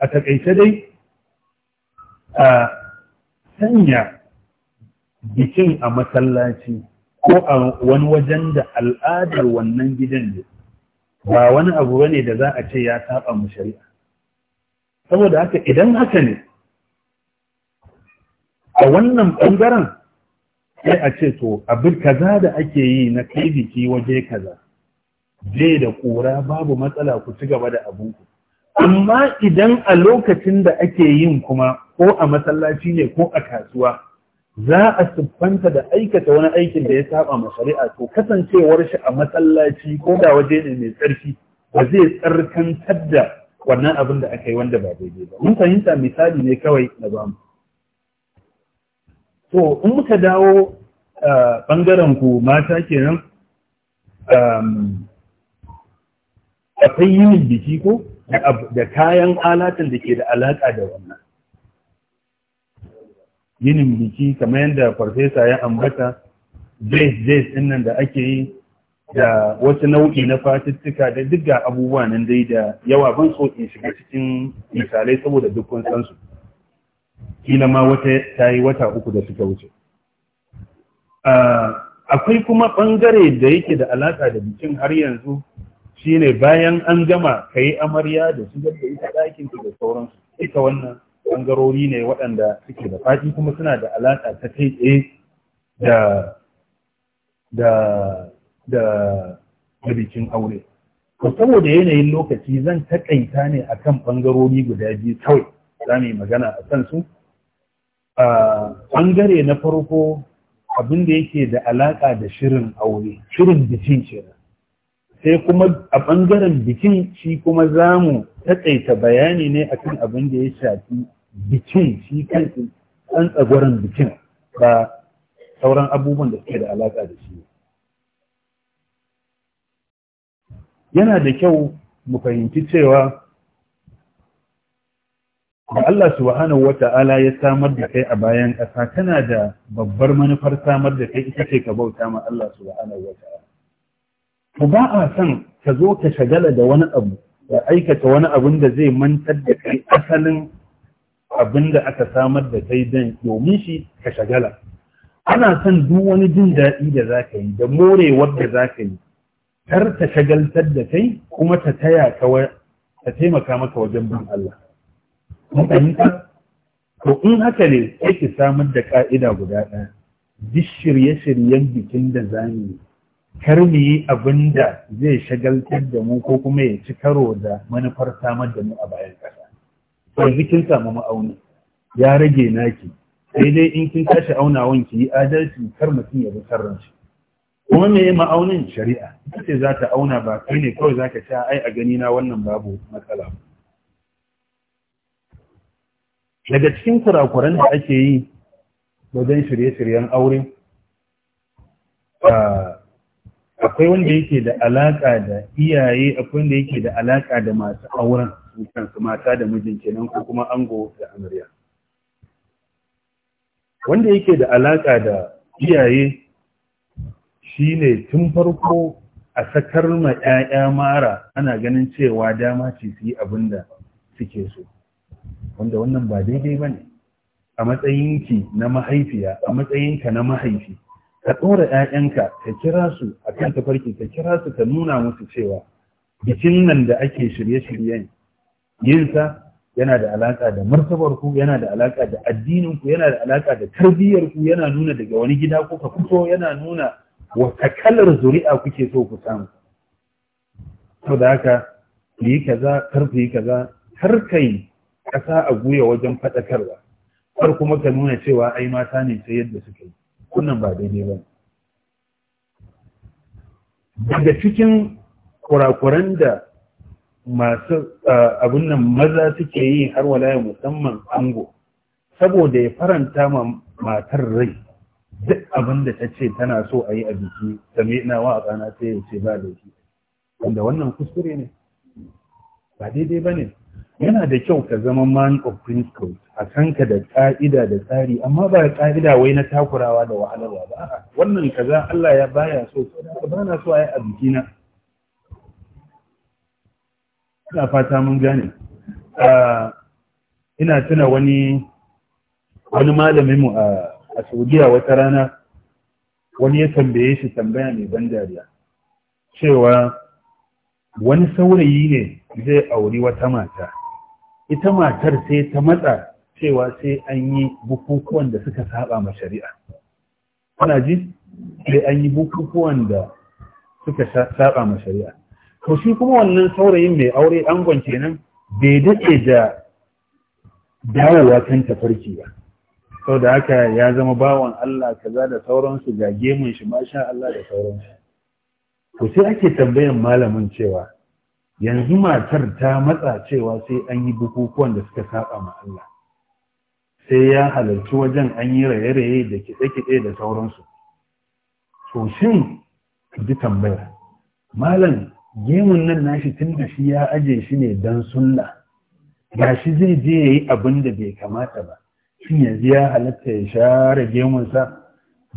a takaice dai a sanya bikin a masallaci ko a wani wajen da al'adar wannan gidan ne ba wani abu bane da za a ce ya saba mu shari'a saboda haka idan haka ne a wannan bangaren sai a ce to abin kaza da ake yi na kai biki waje kaza je da kura babu matsala ku ci gaba da abinku amma idan a lokacin da ake yin kuma ko a masallaci ne ko a kasuwa za a siffanta da aikata wani aikin da ya saba ma shari'a to kasancewar shi a masallaci ko da waje ne mai tsarki ba zai tsarkantar da wannan abin da aka yi wanda ba daidai ba mun fahimta misali ne kawai na bamu to in muka dawo bangaren ku mata kenan akwai yin biki ko da kayan alatan da ke da alaƙa da wannan yinin biki kamar yadda farfesa ya ambata zai-zai nan da ake yi da wasu nau'i na fatittuka da duk ga abubuwa nan dai da yawa ban so in shiga cikin misalai saboda duk sansu kila ma wata ta yi wata uku da suka wuce ah, akwai kuma ɓangare da yake da alaƙa da bikin har yanzu shine bayan an gama ka yi amarya da su da ita ɗakin da sauransu ita wannan ɓangarori ne waɗanda suke da faɗi kuma suna da alaƙa ta kai tsaye da da bikin aure to saboda yanayin lokaci zan taƙaita ne akan ɓangarori guda biyu kawai za mu yi magana a kan su ɓangare na farko abin da yake da alaƙa da shirin aure shirin bikin kenan sai kuma a ɓangaren bikin shi kuma za mu taƙaita bayani ne akan abin da ya shafi bikin shi kan an tsagwaron bikin ba sauran abubuwan da suke da alaƙa da shi yana da kyau mu fahimci cewa da Allah subhanahu wata'ala ya samar da kai a bayan ƙasa tana da babbar manufar samar da kai ita ce ka bauta ma Allah subhanahu wata'ala Ku ba a son ka zo ka shagala da wani abu da aikata wani abin da zai mantar da kai asalin abin da aka samar da kai don domin shi ka shagala ana son duk wani jin daɗi da za ka yi da morewar da za ka yi kar ta shagaltar da kai kuma ta taya ta taimaka maka wajen bin Allah Ko to in haka ne sai ki samar da ka'ida guda ɗaya duk shirye-shiryen bikin da za mu yi kar mu yi abin da zai shagaltar da mu ko kuma ya ci karo da manufar samar da mu a bayan ƙasa yanzu kin samu ma'auni ya rage naki sai dai in kin tashi aunawan ki yi adalci kar mutum ya bi sarran shi kuma me ma'aunin shari'a ita ce za ta auna ba kai ne kawai za ka sha ai a gani na wannan babu matsala daga cikin kurakuran da ake yi wajen shirye-shiryen aure ah, akwai wanda yake da alaka da iyaye akwai wanda yake da alaka da masu auren su mata da mijin kenan ko kuma ango da amarya wanda yake da alaƙa da iyaye shine tun farko a sakar ma 'ya'ya mara ana ganin cewa dama ce su yi abin da suke so wanda wannan ba daidai ba ne a matsayinki na mahaifiya a matsayinka na mahaifi ka ɗora ‘ya'yanka ka kira su a kan tafarki ka kira su ka nuna musu cewa bikin nan da ake shirye-shiryen yinsa yana da alaƙa da martabarku yana da alaƙa da addininku yana da alaƙa da tarbiyyarku yana nuna daga wani gida ko ka fito yana nuna wata kalar zuri'a kuke so ku samu Kada haka ku yi kaza kar ku yi kaza kar kai ƙasa a guya wajen faɗakarwa kar kuma ka nuna cewa ai mata ne sai yadda suka yi wannan ba daidai ba daga cikin kurakuran da masu abin nan maza suke yi har walaya musamman ango saboda ya faranta ma matar rai duk abin da ta ce tana so a yi a biki same na wa a kana sai ya ce ba laifi wanda wannan kuskure ne ba daidai ba ne yana da kyau ka zama man of principles a kanka da ƙa'ida da tsari amma ba ƙa'ida wai na takurawa da wahalarwa ba wannan kaza Allah ya baya so saboda ba na so a yi a bikina ina fata mun gane ina tuna wani wani malamin mu a Saudiya wata rana wani ya tambaye shi tambaya mai ban dariya cewa wani saurayi ne zai auri wata mata ita matar sai ta matsa cewa sai an yi bukukuwan da suka saba ma shari'a ana ji sai an yi bukukuwan da suka saba ma shari'a to shi kuma wannan saurayin mai aure angon nan? bai daɗe da dawowa kan tafarki ba sau da haka ya zama bawan Allah kaza da sauransu ga gemun shi masha Allah da sauransu to sai ake tambayan malamin cewa yanzu matar ta matsa cewa sai an yi bukukuwan da suka saba ma Allah sai ya halarci wajen an yi raye-raye da kiɗe-kiɗe da sauransu to shin ji tambaya. malam gemun nan nashi tun da shi ya aje shi ne don sunna ga shi zai je ya yi abin da bai kamata ba shin yanzu ya halatta ya share gemunsa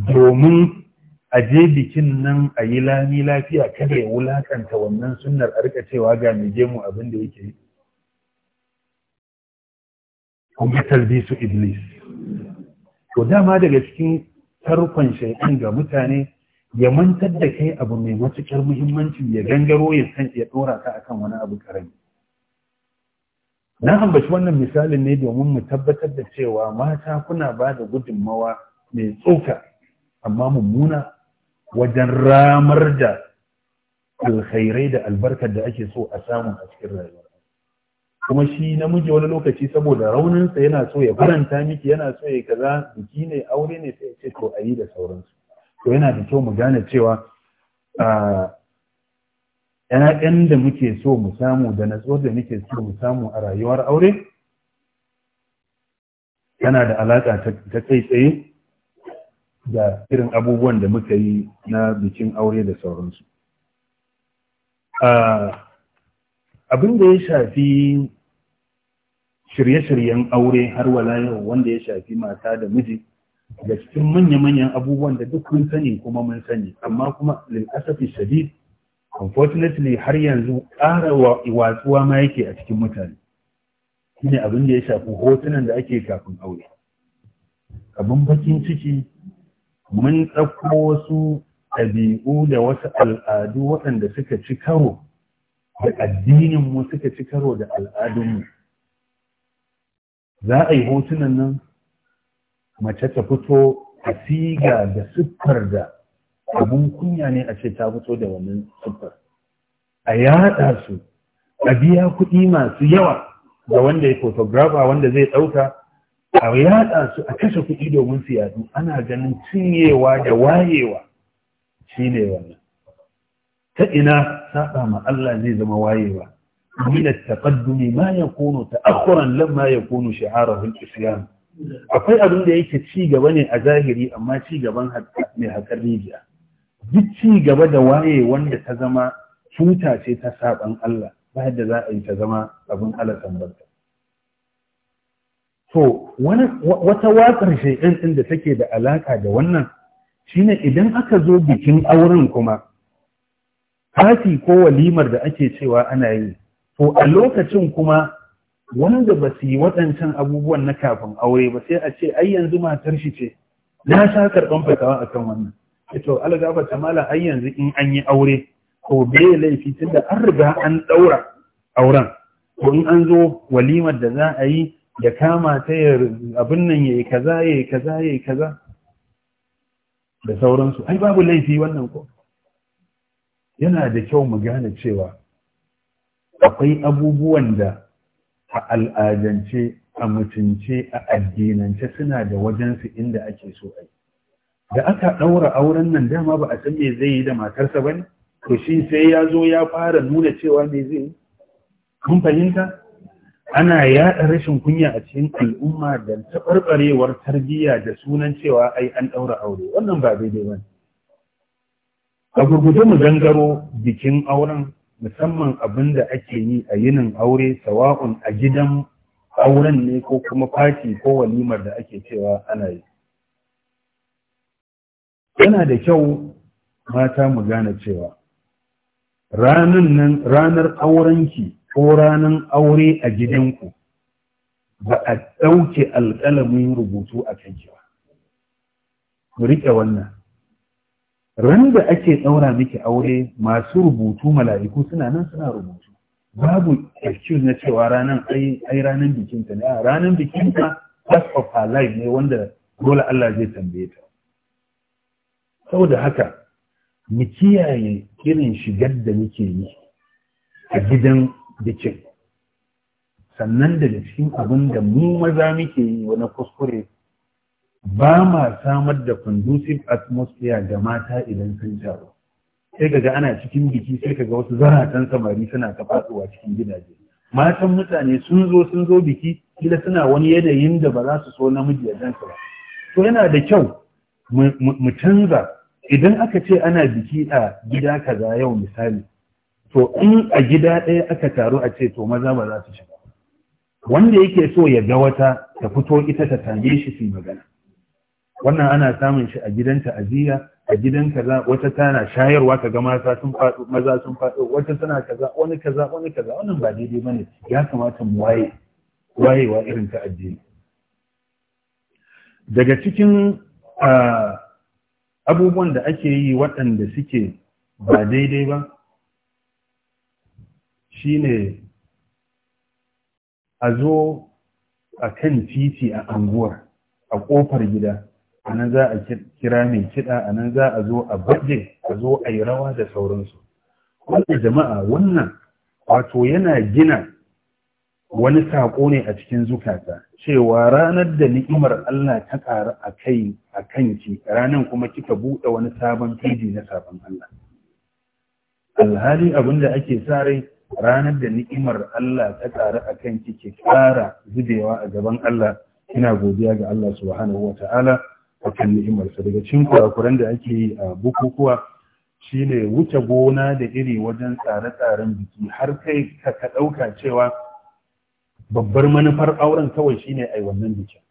domin a je bikin nan a yi lami lafiya kada ya wulakanta wannan sunnar a rika cewa ga mai mu abin da yake yi kuma su iblis to dama daga cikin tarkon shaidan ga mutane ya mantar da kai abu mai matuƙar muhimmanci ya gangaro ya san ya ɗora ka akan wani abu karami na ambaci wannan misalin ne domin mu tabbatar da cewa mata kuna ba da gudunmawa mai tsoka amma mummuna wajen ramar da alkhairai da albarkar da ake so a samu a cikin rayuwa kuma shi namiji wani lokaci saboda rauninsa yana so ya faranta miki yana so ya kaza biki ne aure ne sai ce to a yi da sauransu to yana da kyau mu gane cewa ‘ya'yan da muke so mu samu da natsuwar da muke so mu samu a rayuwar aure yana da alaƙa ta kai tsaye da irin abubuwan da muka yi na bikin aure da sauransu. Abin da ya shafi shirye-shiryen aure har wala yau wanda ya shafi mata da miji da cikin manya-manyan abubuwan da duk mun sani kuma mun sani amma kuma lil'asafi shadid unfortunately har yanzu ƙara watsuwa ma yake a cikin mutane shine abin da ya shafi hotunan da ake kafin aure abin bakin ciki mun ɗauko wasu ɗabi'u da wasu al'adu waɗanda suka ci karo da addininmu suka ci karo da al'adunmu za a yi hotunan nan mace ta fito a siga da siffar da abun kunya ne a ce ta fito da wannan siffar a yaɗa su a biya kuɗi masu yawa ga wanda ya fotografa wanda zai ɗauka a yatsa su a kashe kuɗi domin su yadu ana ganin cinyewa da wayewa shi ne wannan ta ina saɓa ma Allah zai zama wayewa min taqaddumi ma yakunu ta'akhuran lamma yakunu shi'arahu al-islam akwai abin da yake ci gaba ne a zahiri amma ci gaban mai haƙar rijiya duk ci gaba da waye wanda ta zama cuta ce ta saban Allah ba yadda za a yi ta zama abin alasan barka to wata watsar shaidan ɗin da take da alaƙa da wannan shine idan aka zo bikin auren kuma fati ko walimar da ake cewa ana yi to a lokacin kuma wanda ba su yi waɗancan abubuwan na kafin aure ba sai a ce ai yanzu matar shi ce na sha karɓan fatawa akan wannan eh, to algaba ta mala ai yanzu in an yi aure ko be laifi tunda an riga an ɗaura auren ko in an zo walimar da za a yi Da kama ta ya abin nan ya yi kaza ya yi kaza ya yi kaza da sauransu ai babu laifi wannan ko yana da kyau mu gane cewa akwai abubuwan da a al'adance a mutunce a addinance suna da wajensu inda ake so ai da aka ɗaura auren nan dama ba a san me zai yi da matarsa ba ne to shi sai ya zo ya fara nuna cewa me zai yi kun fahimta ana yaɗa rashin kunya a cikin al'umma da taɓarɓarewar tarbiyya da sunan cewa ai an ɗaura aure wannan ba daidai ba a gurgudu mu gangaro bikin auren musamman abin da ake yi a yinin aure sawa'un a gidan auren ne ko kuma fati ko walimar da ake cewa ana yi yana da kyau mata mu gane cewa ranar aurenki ko ranar aure a gidanku ba a ɗauke alƙalamin rubutu a kan ba. Ku riƙe wannan. Ran da ake ɗaura miki aure masu rubutu mala'iku suna nan suna rubutu. Babu excuse na cewa ranar ai ranar bikinta ne, a ranar bikinta pass of her life ne wanda dole Allah zai tambaye ta. Sau da haka, mu kiyaye irin shigar da muke yi a gidan bikin sannan daga cikin abin da mu maza muke yi wani kuskure ba ma samar da conducive atmosphere ga mata idan sun taru sai kaga ana cikin biki sai kaga wasu zaratan samari suna ta fasuwa cikin gidaje matan mutane sun zo sun zo biki kila suna wani yanayin da ba za su so namiji ya danta ba to yana da kyau mu canza idan aka ce ana biki a gida kaza yau misali to in a gida ɗaya aka taru a ce to maza ba za su shiga wanda yake so ya ga wata ta fito ita ta tambaye shi su magana wannan ana samun shi a gidan ta'aziyya a gidan kaza wata tana shayarwa ka ga maza sun faɗo maza sun faɗo wata tana kaza wani kaza wani kaza wannan ba daidai bane ya kamata mu waye wayewa irin ta addini daga cikin ah, abubuwan da ake yi waɗanda suke ba daidai ba Shi ne a zo a kan titi a anguwar a ƙofar gida a nan za a kira mai kiɗa a nan za a zo a baje a zo a yi rawa da sauransu wanda jama'a wannan wato yana gina wani saƙo ne a cikin zukata cewa ranar da ni'imar Allah ta ƙara a kai a ki, ranar kuma kika buɗe wani sabon fiji na sabon Allah alhali abin da ake sa rai ranar da ni'imar Allah ta ƙara a kan kike ƙara zubewa a gaban Allah ina godiya ga Allah subhanahu wa ta'ala a kan ni'imarsa daga cikin kurakuran da ake yi a bukukuwa shine wuce gona da iri wajen tsare-tsaren biki har kai ka ɗauka cewa babbar manufar auren kawai shine ai wannan bikin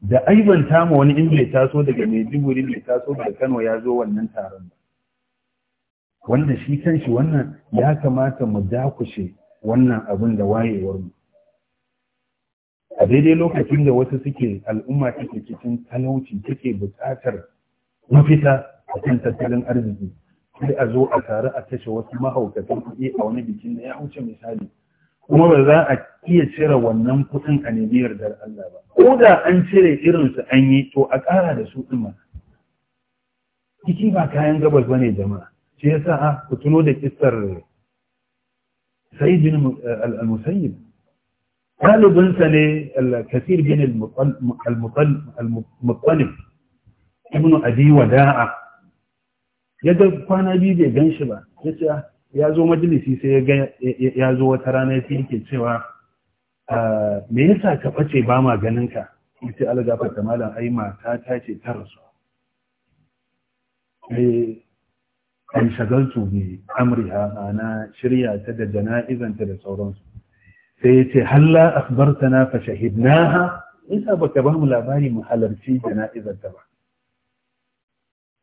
da aibanta ma wani in bai taso daga Maiduguri bai taso daga Kano ya zo wannan taron ba wanda shi kanshi wannan ya kamata mu dakushe wannan abin da wayewar mu a daidai lokacin da wasu suke al'umma take cikin talauci take buƙatar mafita a kan tattalin arziki sai a zo a tare a kashe wasu mahaukatan kuɗi a wani bikin da ya wuce misali kuma ba za a iya cire wannan kuɗin a nemiyar dar Allah ba ko da an cire irinsu an yi to a ƙara da su ɗin ma ciki ba kayan gabas ba ne jama'a shi sa ah, ku tuno da kistar kissar سعيد eh, ne المسيب قالوا بنسى الكثير بين المطلب ابن أبي ya da kwana biyu bai gan shi ba ya ce ah, ya zo majalisi sai ya zo wata rana sai yake cewa ah, me yasa ka face ba ma ganin ka ya ce algafa ta malam ai mata ta ce ta rasu eh, an shagaltu amri amriha ma'ana shirya ta da jana'izanta da sauransu sai ya ce halla akhbartana fa shahidnaha isa baka ba mu labari mu halarci jana'izanta ba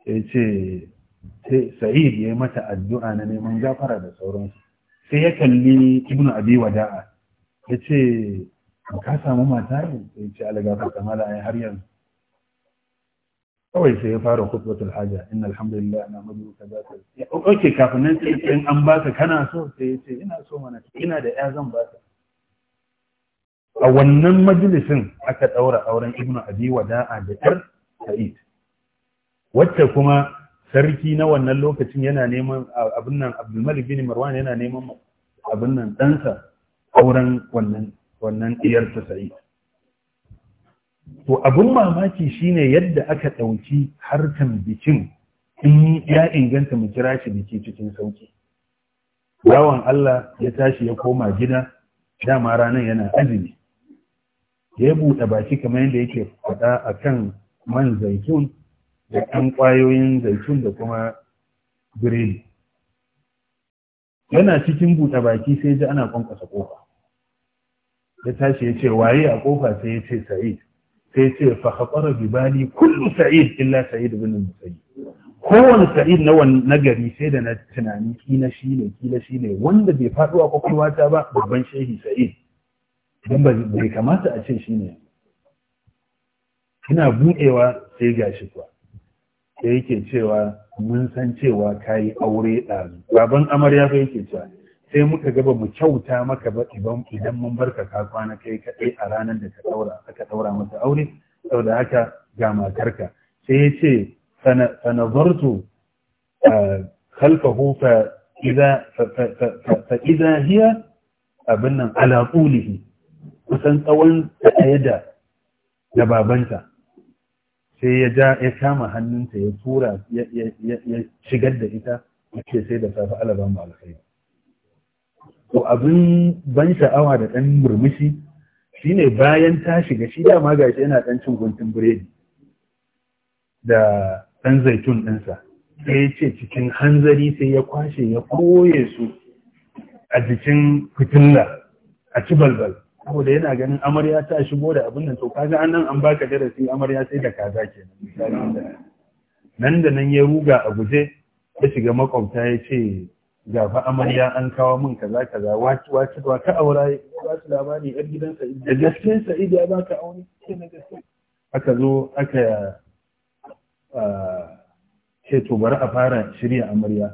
sai ce sa'id ya yi mata addu'a na neman gafara da sauransu sai ya kalli ibnu abi wada'a ya ce ka samu mata ne sai ce algafa kamala ai har yanzu kawai sai ya fara khutbatul haja inna alhamdulillah ana mazu kaza kaza Ok, kafin nan sai in an baka kana so sai yace ina so mana ina da ya zan baka a wannan majalisin aka ɗaura auren ibnu abi wada'a da yar sa'id wacce kuma sarki na wannan lokacin yana neman abin nan abdul malik bin marwan yana neman abin nan ɗansa auren wannan wannan ta sa'id to abin mamaki shine yadda aka ɗauki harkan bikin in ya inganta mu kira shi biki cikin sauki Yawon Allah ya tashi ya koma gida dama ranar yana azumi ya buɗe baki kamar yadda yake faɗa a kan man zaitun da ɗan ƙwayoyin zaitun da kuma biredi yana cikin buɗe baki sai ji ana kwankwasa ƙofa ya tashi ya ce waye a ƙofa sai ya ce sa'id sai ce fa khatara bi bali kullu sa'id illa sa'id ibn musayyib kowane sa'id na wani nagari sai da na tunani kila shi ne kila shi ne wanda bai faɗo a kwakwalwa ta ba babban shehi sa'id don bai kamata a ce shi ne ina buɗewa sai gashi kuwa sai yake cewa mun san cewa ka aure ɗazu baban amarya fa yake cewa sai muka gaba mu kyauta maka ba idan mun barka ka kwana kai kaɗai a ranar da ka ɗaura aka ɗaura masa aure saboda haka ga matarka sai ya ce sanazartu eh, khalfahu fa idza fa idza hiya abin nan ala qulihi kusan tsawon ɗaya da da babanta sai ya ja ya kama hannunta ya tura ya shigar da ita ake sai da safa alaban mu alkhairi ko abin ban sha'awa da ɗan murmushi shine bayan ta shiga shi dama ga shi yana ɗan cin guntun biredi da ɗan zaitun ɗinsa sai ya ce cikin hanzari sai ya kwashe ya koye su a jikin fitilla a ci balbal saboda yana ganin amarya ta shigo da abin nan to kaga an nan an baka darasi amarya sai da kaza kenan nan da nan ya ruga a guje ya shiga makwabta ya ce ga fa amarya an kawo min kaza kaza wace ba ka aura ba su labari yar gidan Sa'id da gaske Sa'id ya baka aure ke na gaske? aka zo aka ce to bari a fara shirya amarya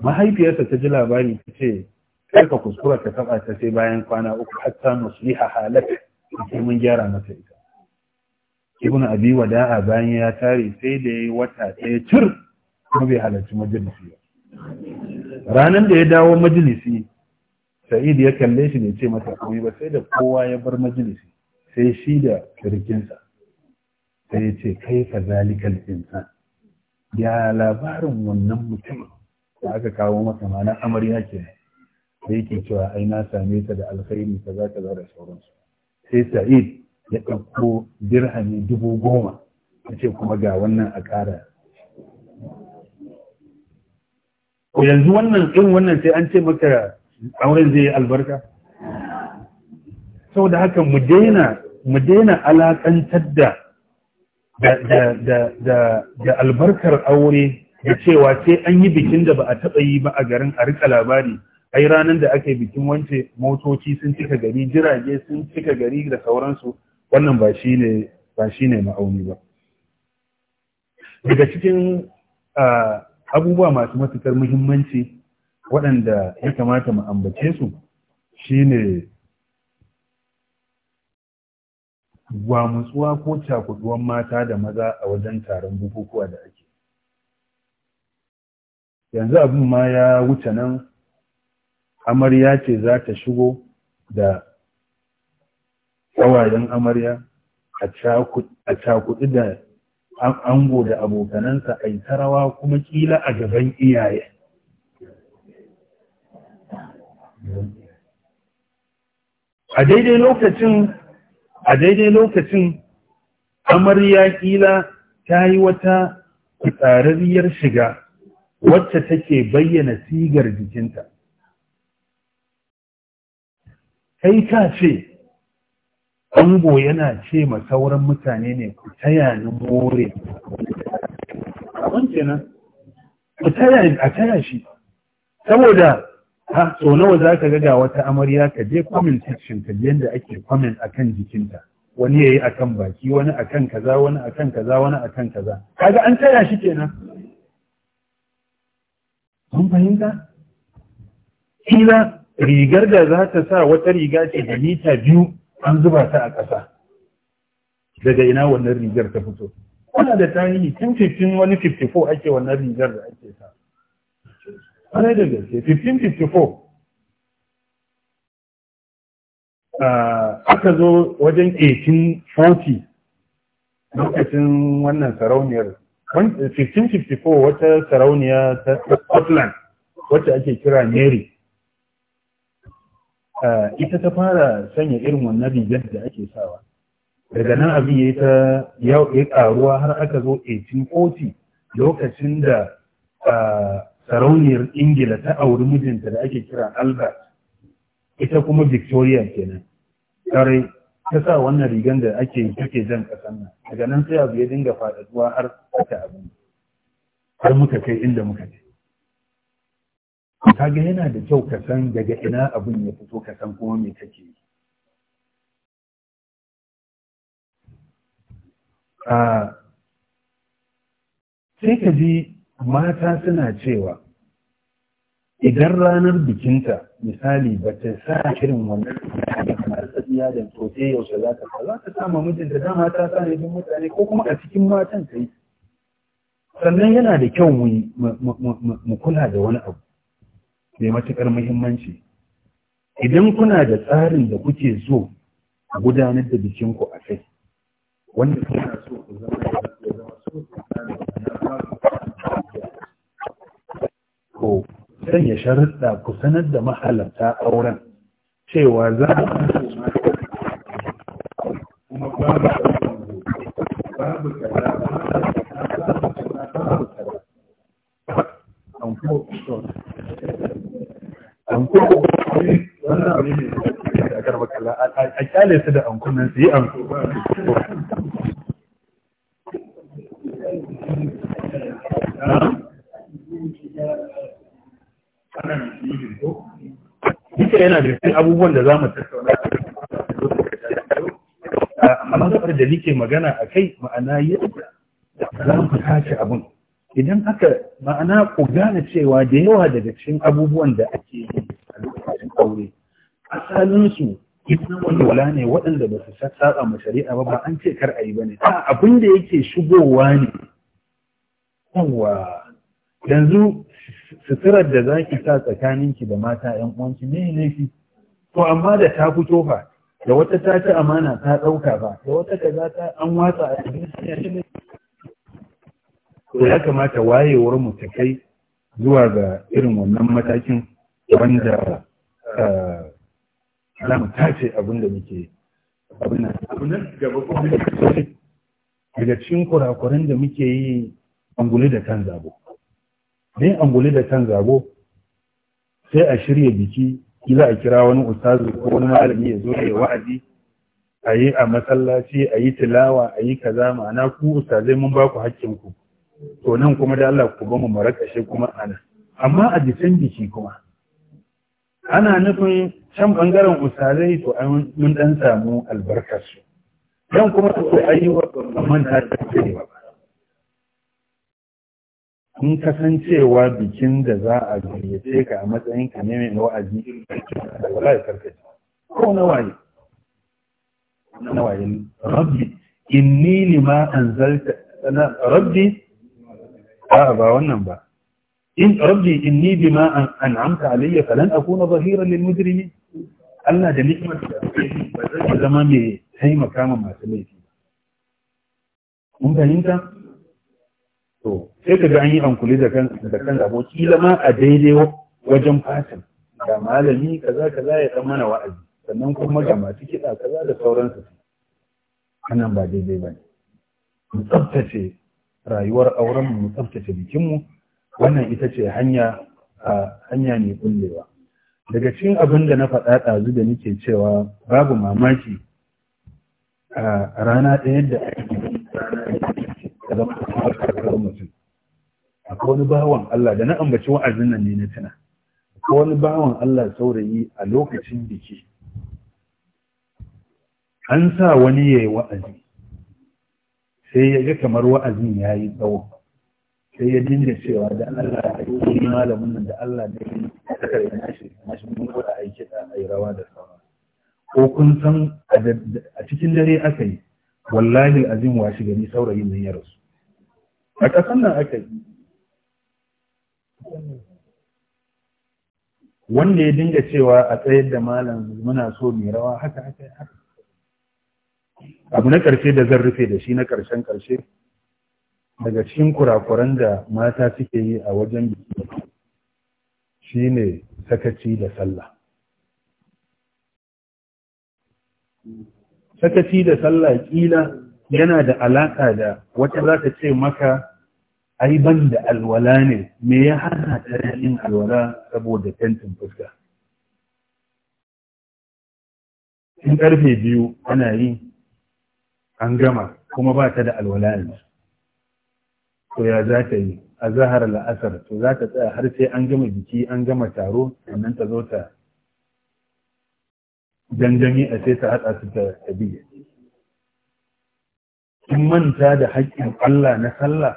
mahaifiyarsa ta ji labari ta ce kai ka kuskura ka taba ta sai bayan kwana uku hatta nusliha halak sai mun gyara mata ita ibnu abi wada'a bayan ya tare sai da yayi wata ɗaya cir kuma bai halarci majalisi ba ranar da ya dawo majalisi sa'id ya kalle shi ne ce masa kuwi ba sai da kowa ya bar majalisi sai shi da kirkinsa sai ya ce kai ka zalikal insan ya labarin wannan mutumin da aka kawo masa ma amarya ke sai yake cewa ai na same ta da alkhairi za ta da sauransu sai sa'id ya ɗauko dirhami dubu goma ya ce kuma ga wannan a ƙara yanzu wannan ɗin wannan sai an ce maka auren zai yi albarka sau da haka mu daina mu daina alaƙantar da da albarkar aure da cewa sai an yi bikin da ba a taɓa yi ba a garin a rika labari ai ranar da aka yi bikin wance motoci sun cika gari jirage sun cika gari da sauransu wannan ba shi ne ba shi ne ma'auni ba daga cikin ah, abubuwa masu matukar muhimmanci waɗanda ya kamata mu ambace su shine gwamutsuwa ko cakuduwan mata da maza a wajen taron bukukuwa da ake yanzu abin ma ya wuce nan amarya ce za ta shigo da ƙawayen amarya a cakudu da ango da abokanansa a yi tarawa kuma kila a gaban iyaye a daidai lokacin a daidai lokacin amarya kila ta yi wata tsararriyar shiga wacce take bayyana sigar jikinta kai ka ce ango yana ce ma sauran mutane ne ku taya ni more wankenan ku taya a taya shi saboda ha so nawa za ka ga wata amarya ka je comment section ka je yadda ake comment akan jikinta wani yayi akan baki wani akan kaza wani akan kaza wani akan kaza kaga an taya shi kenan mun fahimta kila rigar da za ta sa wata riga ce da mita biyu an zuba ta a ƙasa daga ina wannan rigar ta fito Kuna da tarihi tun 15 wani 54 ake wannan rigar da ake sa ana da gaske 1554 ah, aka zo wajen 1840 lokacin wannan sarauniyar 1554 wata sarauniya ta scotland wacce ake kira mary Eh, ita ta fara sanya irin wannan rigar da ake sawa daga nan abin ya ta ya karuwa har aka zo 1840 lokacin da eh, sarauniyar ingila ta auri mijinta da ake kira albert ita kuma victoria kenan kare ta sa wannan rigar da ake take jan kasan nan daga nan sai abu ya dinga faɗaɗuwa har aka abin har muka kai inda muka je ga yana da kyau ka san daga ina abin ya fito ka san kuma me kake yi sai ka ji mata suna cewa idan ranar bikinta misali ba ta sa irin wannan kamar tsakiya da to yaushe za ta za ta sama mijinta dama ta sa ne mutane ko kuma a cikin matan ta yi sannan yana da kyau mu kula da wani abu mai matuƙar muhimmanci idan kuna da tsarin da kuke so a gudanar da bikinku a kai wanda kuna so ku zama da zama so ku ko sanya sharuɗa ku sanar da mahalarta auren cewa za a kuma babu babu kyale su da ankunan su yi anko yana da cikin abubuwan da za mu tattauna a matsalar da nike magana a kai ma'ana yadda za mu tace abin idan aka ma'ana ku gane cewa da yawa daga cikin abubuwan da ake yi a lokacin aure asalinsu ita wala ne waɗanda ba su saba ma shari'a ba ba an ce kar a yi ba ne abin da yake shigowa ne yawa yanzu suturar da za ki sa tsakaninki da mata yan uwanki ne laifi to amma da ta fito fa da wata ta ci amana ta ɗauka ba da wata za ta an watsa a cikin hanyar ya kamata wayewar mu ta kai zuwa ga irin wannan matakin wanda eh, ana ta ce abin da muke abin nan abin nan gaba ko daga cikin kurakuran da muke yi anguli da kan zabo dai anguli da kan zabo sai a shirya biki kila a kira wani ustazu ko wani malami ya zo ya wa'azi a yi a masallaci a yi tilawa a yi kaza ma'ana ku ustazai mun ba ku hakkinku to nan kuma da Allah ku ba mu marakashe kuma ana amma a jikin biki kuma ana nufin can bangaren ustazai to mun dan samu albarkar su dan kuma to ayyuka manta da ba kun kasancewa bikin da za a gayyace ka a matsayin ka ne mai wa'azi da wallahi karkace ko na waye na waye rabbi inni lima anzalta rabbi a ba wannan ba in rabbi inni bima an'amta alayya falan akuna zahiran lil mujrimin Allah da nikmar da ba zama mai taimaka ma masu laifi ba. Mun fahimta? To, sai ka ga an yi ankuli da kan da kan zabo kila ma a daidai wajen fatan. Ga malami kaza kaza ya san mana wa'azi, sannan kuma ga masu kiɗa kaza da sauransu. Anan ba daidai ba ne. Mu tsaftace rayuwar auren mu tsaftace bikinmu wannan ita ce hanya hanya mai kullewa. daga cikin abin da na faɗa ɗazu da nake cewa babu mamaki a rana ɗaya da ake mutum akwai wani bawan Allah da na ambaci wa'azin nan ne na tuna, akwai wani bawan Allah saurayi a lokacin biki an sa wani ya yi wa'azi sai ya ga kamar wa'azin ya yi tsawon. sai ya dinga cewa da Allah yi malamin nan da Allah da yi sakar ya nashi nashi mun gura a yi kiɗa a yi rawa da sauran.' ko kun san a cikin dare aka yi wallahi azim washi gani saurayin nan ya rasu a ƙasan nan aka yi wanda ya dinga cewa a tsayar da malam muna so mai rawa haka haka haka abu na ƙarshe da zan rufe da shi na ƙarshen ƙarshe daga cikin kurakuran da mata suke yi a wajen biki shine sakaci da sallah sakaci da sallah kila yana da alaƙa da wata za ta ce maka ai ban da alwala ne me ya hana ta yin alwala saboda tentin fuska in karfe biyu ana yi an gama kuma ba ta da alwala ne to ya za ta yi a zahar la'asar to za ta tsaya har sai an gama biki an gama taro sannan ta zo ta dangane a sai ta hada su ta tabiya kin manta da haƙƙin Allah na sallah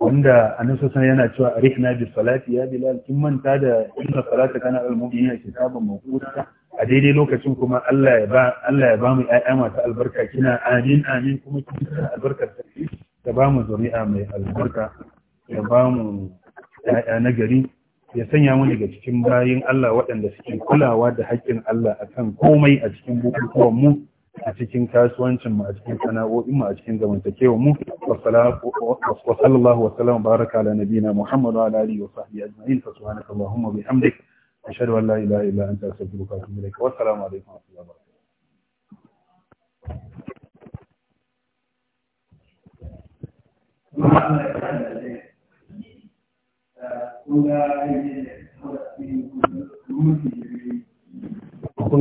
wanda annabi sallallahu yana cewa arihna bi salati ya bilal kin manta da inna salata kana al mu'minina kitaban mawquta a daidai lokacin kuma Allah ya ba Allah ya mu ƴaƴa masu albarka kina amin amin kuma kin albarkar ta ba mu zuri'a mai albarka ya ba mu ‘ya'ya na gari ya sanya mu daga cikin bayin Allah waɗanda suke kulawa da haƙƙin Allah akan komai a cikin bukukuwan mu a cikin kasuwancin mu a cikin sana'o'in mu a cikin zamantakewa mu wa sallallahu wa sallam baraka ala nabiyina Muhammad wa ala alihi wa sahbihi ajma'in fa subhanaka allahumma bihamdik ashhadu an la ilaha illa anta astaghfiruka wa atubu ilaik wa assalamu alaikum wa rahmatullahi wa barakatuh kuma eh,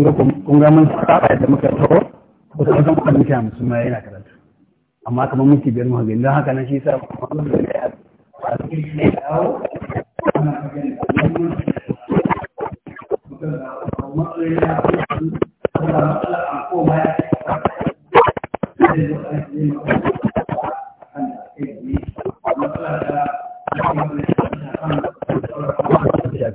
da kun ga mun saba da muka taho ko sai kan kan shi musu mai yana karatu amma kamar muke biyar mu hagin dan haka nan shi sa kuma Allah ya yi a cikin ne dawo ana kagani Thank you.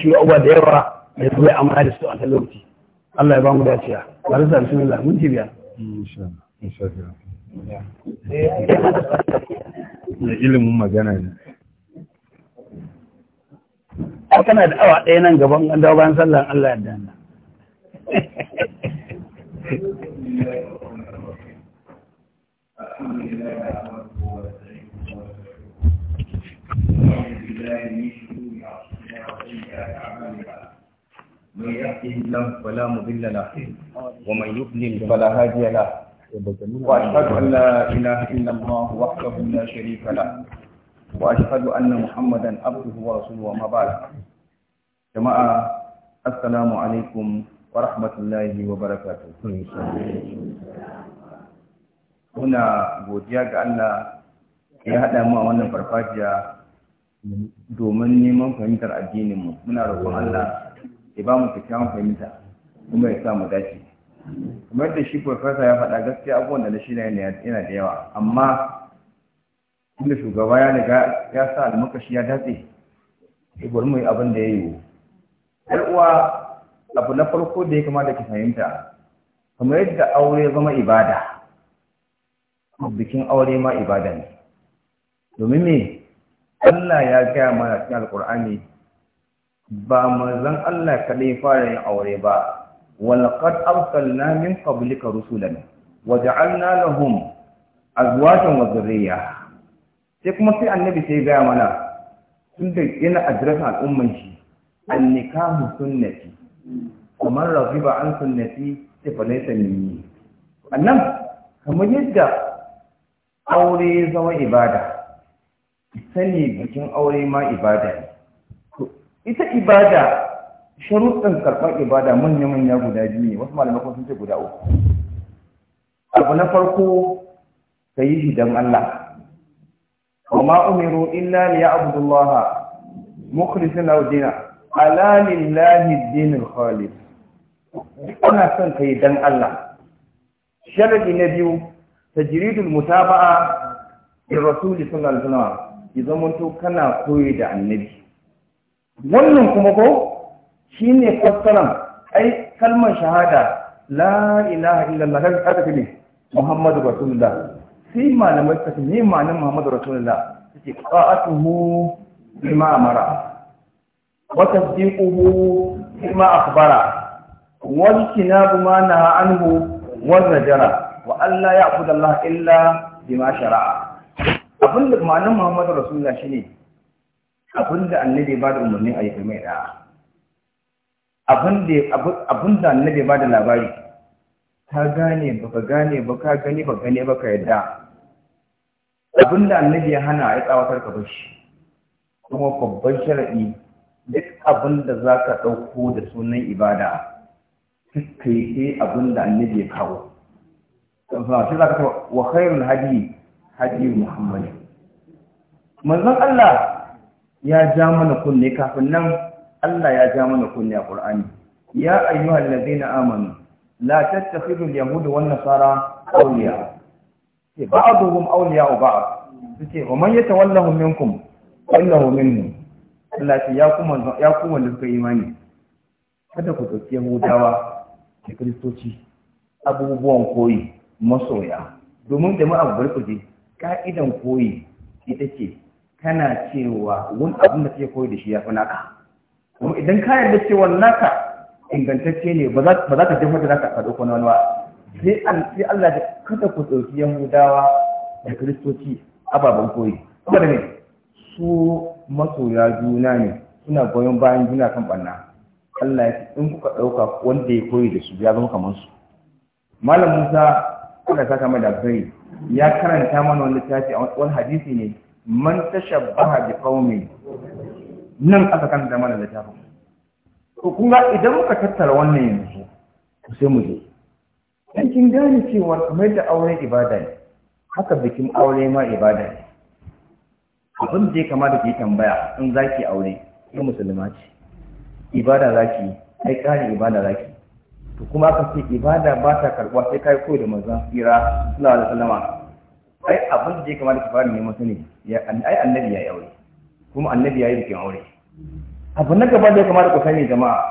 shi abuwa da yawa ya zuwa amana da su a talauti Allah ya ba mu ya ba da biya ilimin magana ne a kana da awa ɗaya nan gaban an dawo bayan sallan Allah ya dana من يهده الله فلا مضل له ومن يضلل فلا هادي له واشهد ان لا اله الا الله وحده لا شريك له واشهد ان محمدا عبده ورسوله وما بعد جماعه السلام عليكم ورحمه الله وبركاته هنا بوديا ga يا ya haɗa mu a wannan farfajiya domin neman fahimtar addininmu muna roƙon Allah ya ba mu kyakkyawan fahimta kuma ya sa mu dace kamar da shi farfasa ya faɗa gaskiya abubuwan da na shi yana da yawa amma inda shugaba ya riga ya sa almakashi ya datse ya bari mu yi abin da ya yi yar uwa abu na farko da ya kamata ki fahimta kamar yadda aure zama ibada bikin aure ma ibada ne domin me Allah ya gaya mana cikin alkur'ani ba manzon Allah kaɗai fara yin aure ba walqad arsalna min qablika rusulan waja'alna lahum azwajan wa dhurriyya sai kuma sai annabi sai gaya mana tunda yana address al'umman shi An mu sunnati kamar ragiba an sunnati sai fa laysa minni annan kamar yadda aure ya zama ibada sani bikin aure ma ibada ne ita ibada sharuɗin karɓar ibada manya-manya guda biyu ne wasu malamai kuma sun ce guda uku abu na farko ka yi shi don Allah wa ma umiru illa li ya'budullaha mukhlisin lahu dina ala lillahi dinul khalis ana son ka yi don Allah sharadi na biyu tajridul mutaba'a bi rasuli sallallahu alaihi wasallam ya zamanto kana koyi da annabi wannan kuma ko shi ne fassaran ai kalmar shahada la ilaha illallah kan aka kabe muhammadu rasulullah sai malamai ta ce ne malamin muhammadu rasulullah take qa'atuhu bima amara wa tasdiquhu bima akhbara wa ikinabu ma naha anhu wa zajara wa alla ya'budu allah illa bima shara'a abin da malamin muhammadu rasulullah shine abin da annabi ba da umarnin a yi mai da'a abin da annabi ba da labari ta gane ba ka gane ba ka gani ba gane ba ka yadda abin da annabi ya hana ya tsawatar ka bashi kuma babban sharaɗi duk abin da za ka ɗauko da sunan ibada suka yi sai abin da annabi ya kawo sai za ka wa khairul hadi hadi muhammadin manzon Allah ya ja mana kunne kafin nan Allah ya ja mana kunne a Qur'ani ya ayyuhal ladina amanu la tattakhidhu al-yahud wan nasara awliya ce ba'dhum awliya ba'd ce wa man yatawallahum minkum innahu minhum Allah ce ya kuma ya kuma da kai imani kada ku dauki yahudawa da kristoci abubuwan koyi masoya domin da mu abubuwan barkuje ka'idan koyi ita ce kana cewa wani abin da kake koyi da shi ya fi naka kuma idan ka yarda cewa naka ingantacce ne ba za ka jefa da naka ka ɗauko wani ba sai Allah ya kada ku ɗauki Yahudawa da Kiristoci ababen koyi saboda ne su masoya juna ne suna goyon bayan juna kan ɓanna Allah ya ce in kuka ɗauka wanda ya koyi da su ya zama kamar su Malam Musa kuka saka mai da ya karanta mana wani littafi a wani hadisi ne man tashabbaha bi kaumi nan aka kan da mana littafin to kun ga idan muka tattara wannan yanzu to sai mu je dan kin gane cewa kamar da aure ibada ne haka bikin aure ma ibada ne abin da ya kamata ki tambaya in zaki aure ki musulma ce ibada zaki ai kare ibada zaki to kuma aka ce ibada ba ta karɓuwa sai kai koyi da manzon tsira sallallahu alaihi wasallama ai abin da ya kamata ka fara neman sani ai annabi ya yi aure kuma annabi ya yi bikin aure abu na gaba da ya kamata ku sani jama'a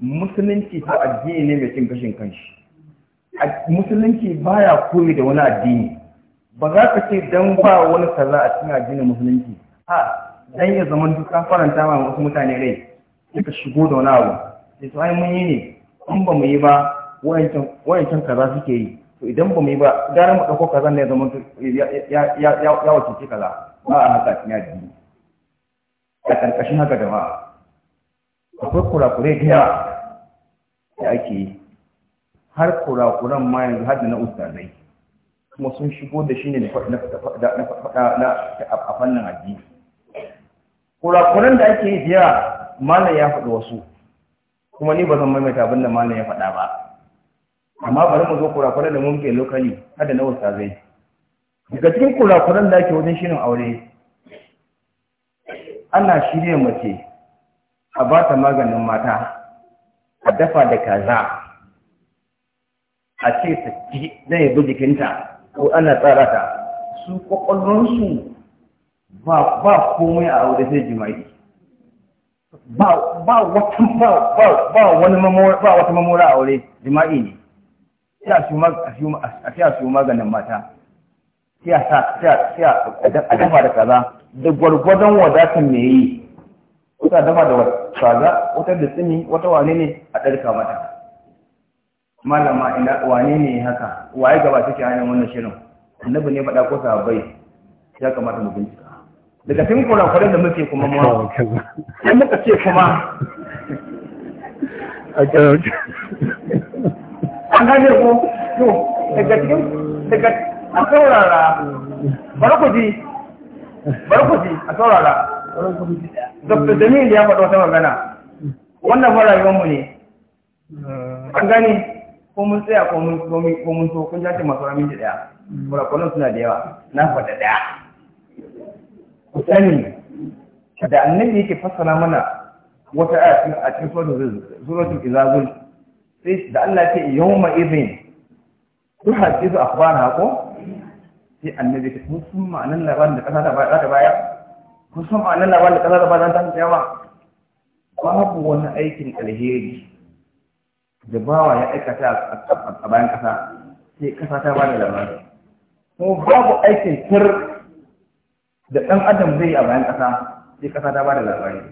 musulunci ko addini ne mai cin gashin kanshi musulunci baya koyi da wani addini ba za ka ce dan ba wani kaza a cikin addinin musulunci ha dan ya zama duk ka faranta ma wasu mutane rai suka shigo da wani abu sai to ai mun yi ne in ba mu yi ba wayancan kaza suke yi to idan ba mu yi ba gara mu ɗauko kaza ne zaman ya wakilci kaza ba a haka cikin addini a ƙarƙashin haka jama'a akwai kurakurai da yawa da ake yi har kurakuran ma yanzu har da na ustazai kuma sun shigo da shi ne na faɗa a fannin addini kurakuran da ake yi da yawa malam ya faɗi wasu kuma ni ba zan maimaita abin da malam ya faɗa ba amma bari mu zo kurakuran da ke lokali hada na wasa zai daga cikin kurakuran da ake wajen shirin aure ana shirya mace a ba ta maganin mata a dafa da kaza a ce ta ci zai yi jikinta ko ana tsara ta su kwakwalwansu ba komai a aure sai jima'i ba wata mamora a aure jima'i ne sai a siyo maganin mata a dafa da kaza da gwargwadon wadatar me yi wata dafa da kaza wata da tsini wata wane ne a ɗarka mata malama ina wane ne haka waye gaba take hanyar wannan shirin annabi ne faɗa ko bai? ya kamata mu bincika daga cikin kurakuren da muke kuma ma sai muka ce kuma an ko to daga cikin daga a saurara bari ku a saurara dr jamil ya faɗo ta magana wannan fa rayuwarmu ne an gane ko mun tsaya ko mun ko mun so kun jace masu ramin da daya kurakunan suna da yawa na faɗa daya ku sani da annabi yake fassara mana wata aya a cikin suratul izazul sai da Allah ce yawma idhin tuhaddisu akhbaraha ko sai annabi ta kun sun ma'anar labarin da kasa za ta baya, kun sun ma'anar labarin da kasa ta bayar ta tsaya ba babu wani aikin alheri da bawa ya aikata a bayan kasa sai kasa ta bada labarin kuma babu aikin tir da ɗan adam zai a bayan ƙasa sai ƙasa ta bada labarin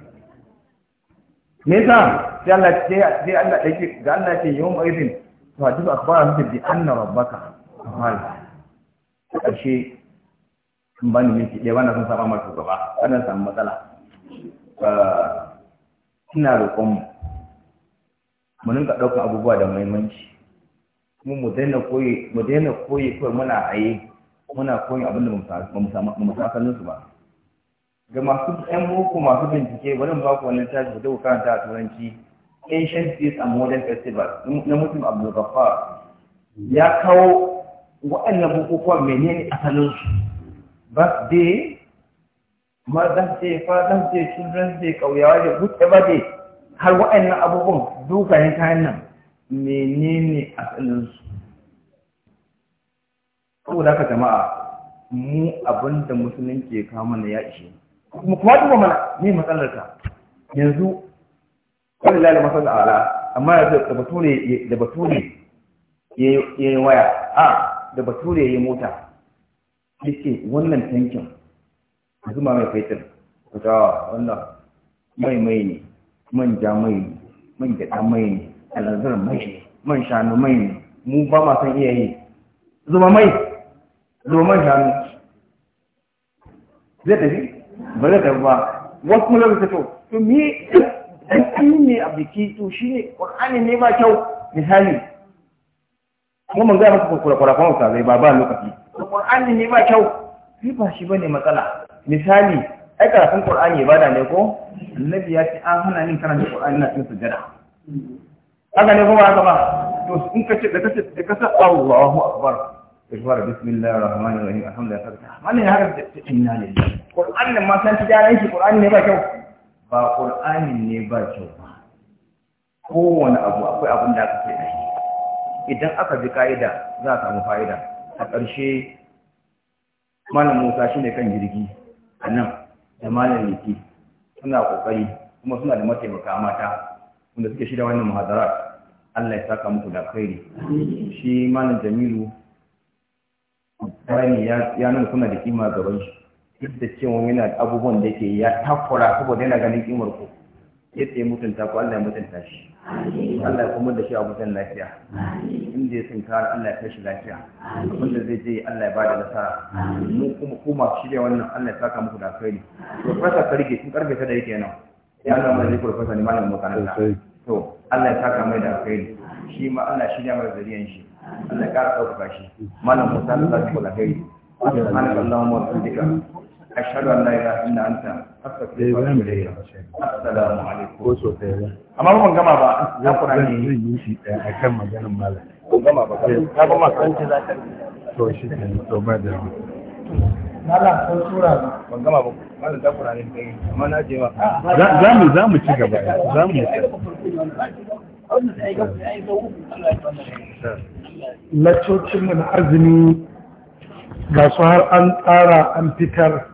me yasa sai Allah sai Allah dake ga Allah ce yawm idin to hadith akhbara mutum bi anna rabbaka amal karshe kun bani minti ɗaya wannan sun saba mata gaba wannan samu matsala ina roƙon mu Mun rinka ɗaukar abubuwa da muhimmanci Mun mu daina koyi mu daina koyi kawai muna haye muna koyi abin da ba mu samu su ba ga masu ɗan boko masu bincike wani mu ba ku wannan tashi da ku karanta a turanci ancient peace and modern festival na mutum abdul ghaffar ya kawo waɗannan ne menene asalin su birthday mother's day father's day children's day kauyawa da whatever day har waɗannan abubuwan dukayen kayan nan menene asalin su da ka jama'a mu abinda musulunci ya kawo mana ya ishe kuma kuma duba mana ne matsalar ka yanzu wani lalima masan ala amma yanzu da bature da bature ya yi waya a da bature ya yi mota yake wannan tankin zuma mai fetur ta wannan mai mai ne ja mai ne man gada mai ne alazar mai ne man shanu mai ne mu ba ma san iya yi zuma mai zuma man shanu zai tafi ba zai tafi ba wasu kuma to to me dan ne a biki to shi ne ƙur'ani ne ba kyau misali kuma mun ga kula kula kuma ka zai ba ba lokaci qur'ani ne ba kyau shi ba shi bane matsala misali ai karatun qur'ani ibada ne ko annabi ya ce an ah, hana nin karanta qur'ani na cikin sujada haka ne ko ba haka ba to in ka ce da ce da kace Allahu akbar Ikhbar bismillahir rahmanir rahim alhamdulillah wannan haka ce inna lillahi qur'ani ma san tijaran shi qur'ani ne ba kyau ba ƙur'anin ne ba kyau ba kowane abu akwai abin da aka sai a idan aka bi ka'ida za a samu fa'ida a ƙarshe malam musa shi ne kan jirgi a nan da malam liki suna ƙoƙari kuma suna da mataimaka mata wanda suke shirya wannan muhadarat allah ya saka muku da kairi shi malam jamilu bayani ya nuna kuna da kima gaban shi duk da cewa yana da abubuwan da ke ya takura saboda yana ganin kimar ku yadda ya mutunta ku Allah ya mutunta shi Allah ya kuma da shi a mutan lafiya inda ya tunkara Allah ya kashi lafiya abinda zai je Allah ya ba da nasara mu kuma kuma shi shirya wannan Allah ya saka muku da alkhairi profesa karge tun karfe ta da yake nan ya Allah mai zai profesa ne malamin makaranta to Allah ya saka mai da alkhairi shi ma Allah shirya mai zariyan shi Allah ya kara ɗaukaka shi malam Musa Allah ya saka da wa سبحانك اللهم وبحمدك ashhadu an la ilaha illa anta astaghfiruka wa atubu ilayk assalamu alaikum ko so ɗaya amma ban zan yi shi ba kan za ka ba ban gama ba malam za ku rani ɗaya amma na za mu ci gaba za mu Laccocinmu na azumi ga su har an tsara an fitar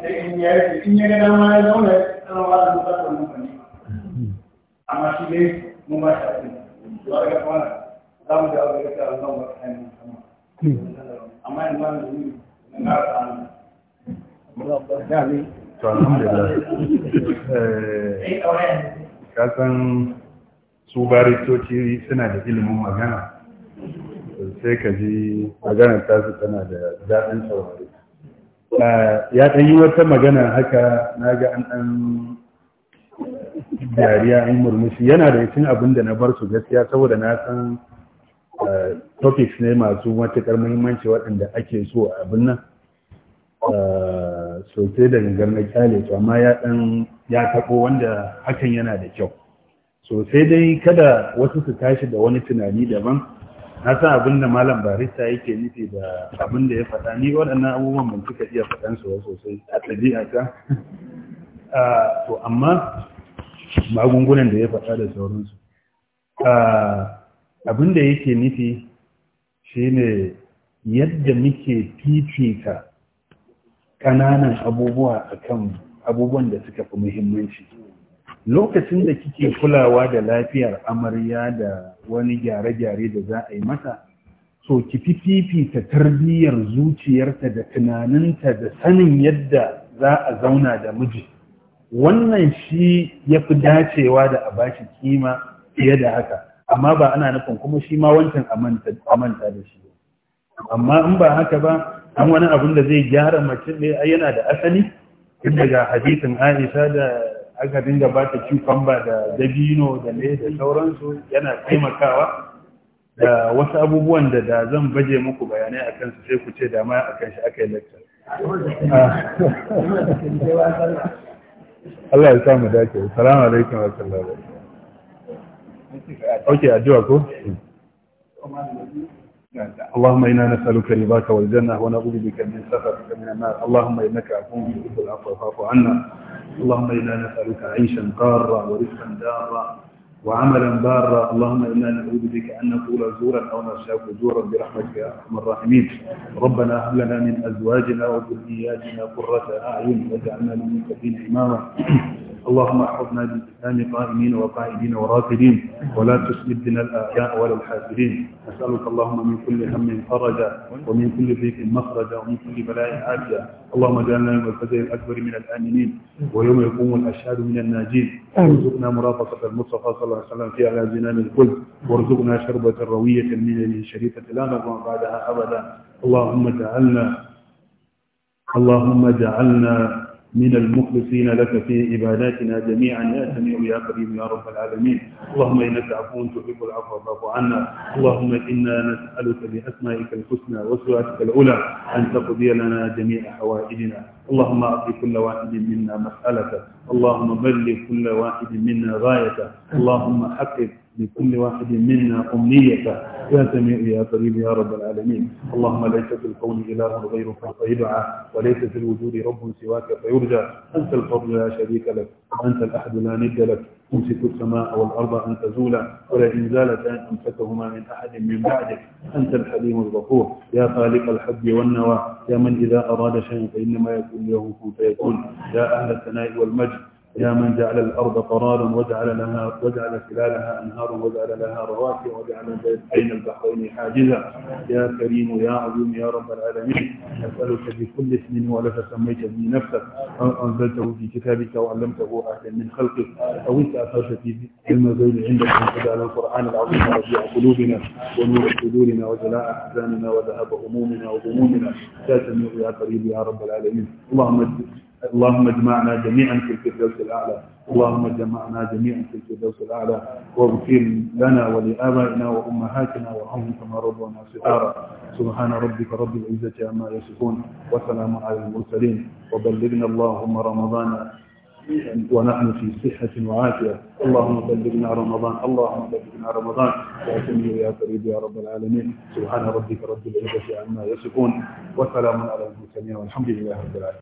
sai in ya in ya ana b'a da amma mun ba shi daga kwana za mu ta amma to alhamdulillah eh, eh, su baritoci suna da ilimin magana sai ka ji maganar tasu tana da daɗin saurari ya ɗan yi wata magana haka na ga an ɗan dariya an murmushi yana da cin abin da na bar su gaskiya saboda na san eh, topics ne masu matuƙar muhimmanci waɗanda ake so a abin nan eh, sosai da gangar na kyale to amma ya ɗan ya taɓo wanda hakan yana da kyau sosai dai kada wasu su tashi da wani tunani daban na san abin da malam barista yake nufi da abin da ya faɗa ni waɗannan abubuwan ban cika iya faɗan su sosai a ɗabi'a ta to amma magungunan da ya faɗa da sauransu abin da yake nufi shine yadda muke fifita ƙananan abubuwa akan abubuwan da suka fi muhimmanci lokacin da kike kulawa da lafiyar amarya da wani gyare-gyare da za a yi mata so ki fi fifita tarbiyyar zuciyarta da tunaninta da sanin yadda za a zauna da miji wannan shi ya fi dacewa da a bashi kima fiye da haka amma ba ana nufin kuma shi ma wancan manta da shi amma in ba haka ba an wani abin da zai gyara mace ne yana da asali daga hadisin aisha da aka dinga ba ta cucumber da dabino da ne da sauransu yana taimakawa da wasu abubuwan da da zan baje muku bayanai a kansu sai ku ce da ma a kan shi aka yi lecture ah. Allah ya samu dace Salamu alaikum wa sallallahu alaihi wa addu'a ko اللهم إنا نسألك رضاك والجنة ونعوذ بك من سخطك من النار اللهم إنك عفو تحب العفو فاعف عنا اللهم إنا نسألك عيشا قارا ورزقا دارا وعملا بارا اللهم إنا نعوذ بك أن نقول زورا أو نشاك زورا برحمتك يا أرحم الراحمين ربنا هب لنا من أزواجنا وذرياتنا قرة أعين واجعلنا للمتقين إماما اللهم احفظنا بالإسلام قائمين وقائدين وراكدين ولا تسلب بنا الأعداء ولا الحاسدين نسألك اللهم من كل هم فرجا ومن كل ضيق مخرجا ومن كل بلاء عافية اللهم اجعلنا يوم الفجر الأكبر من الآمنين ويوم يقوم الأشهاد من الناجين وارزقنا مرافقة المصطفى صلى الله عليه وسلم في اعلى زنان الكل وارزقنا شربة روية من يده شريفة لا نرضى بعدها أبدا اللهم اجعلنا اللهم اجعلنا من المخلصين لك في عباداتنا جميعا يا سميع يا قريب يا رب العالمين اللهم انك عفو تحب العفو فاعف عنا اللهم انا نسالك باسمائك الحسنى وصفاتك العلى ان تقضي لنا جميع حوائجنا اللهم اعط كل واحد منا مسالته اللهم بلغ كل واحد منا غايته اللهم حقق لكل واحد منا أمنيته يا سميع يا قريب يا رب العالمين اللهم ليس في الكون إله غيرك فيدعى وليس في الوجود رب سواك فيرجى أنت الفضل لا شريك لك وأنت الأحد لا ند لك تمسك السماء والأرض أن تزولا ولا إن زالتا أمسكهما من أحد من بعدك أنت الحليم الغفور يا خالق الحب والنوى يا من إذا أراد شيئا فإنما يكون له كن فيكون يا أهل الثناء والمجد يا من جعل الأرض قرارا وجعل لها وجعل خلالها أنهارا وجعل لها رواسي وجعل بين البحرين حاجزا يا كريم يا عظيم يا رب العالمين أسألك بكل اسم ولك سميت به نفسك أو أنزلته في كتابك وعلمته أحدا من خلقك أو أنت أثرت في علم الغيب عندك أن تجعل القرآن العظيم ربيع قلوبنا ونور صدورنا وجلاء أحزاننا وذهاب همومنا وغمومنا لا تنوع يا قريب يا رب العالمين اللهم اللهم اجمعنا جميعا في الفردوس الأعلى اللهم اجمعنا جميعا في الفردوس الأعلى واغفر لنا ولآبائنا وأمهاتنا وارحمهم كما ربنا صغارا سبحان ربك رب العزة عما يصفون وسلام على المرسلين وبلغنا اللهم رمضان ونحن في صحة وعافية اللهم بلغنا رمضان اللهم بلغنا رمضان وأتمه يا قريب يا رب العالمين سبحان ربك رب العزة عما يصفون وسلام على المرسلين والحمد لله رب العالمين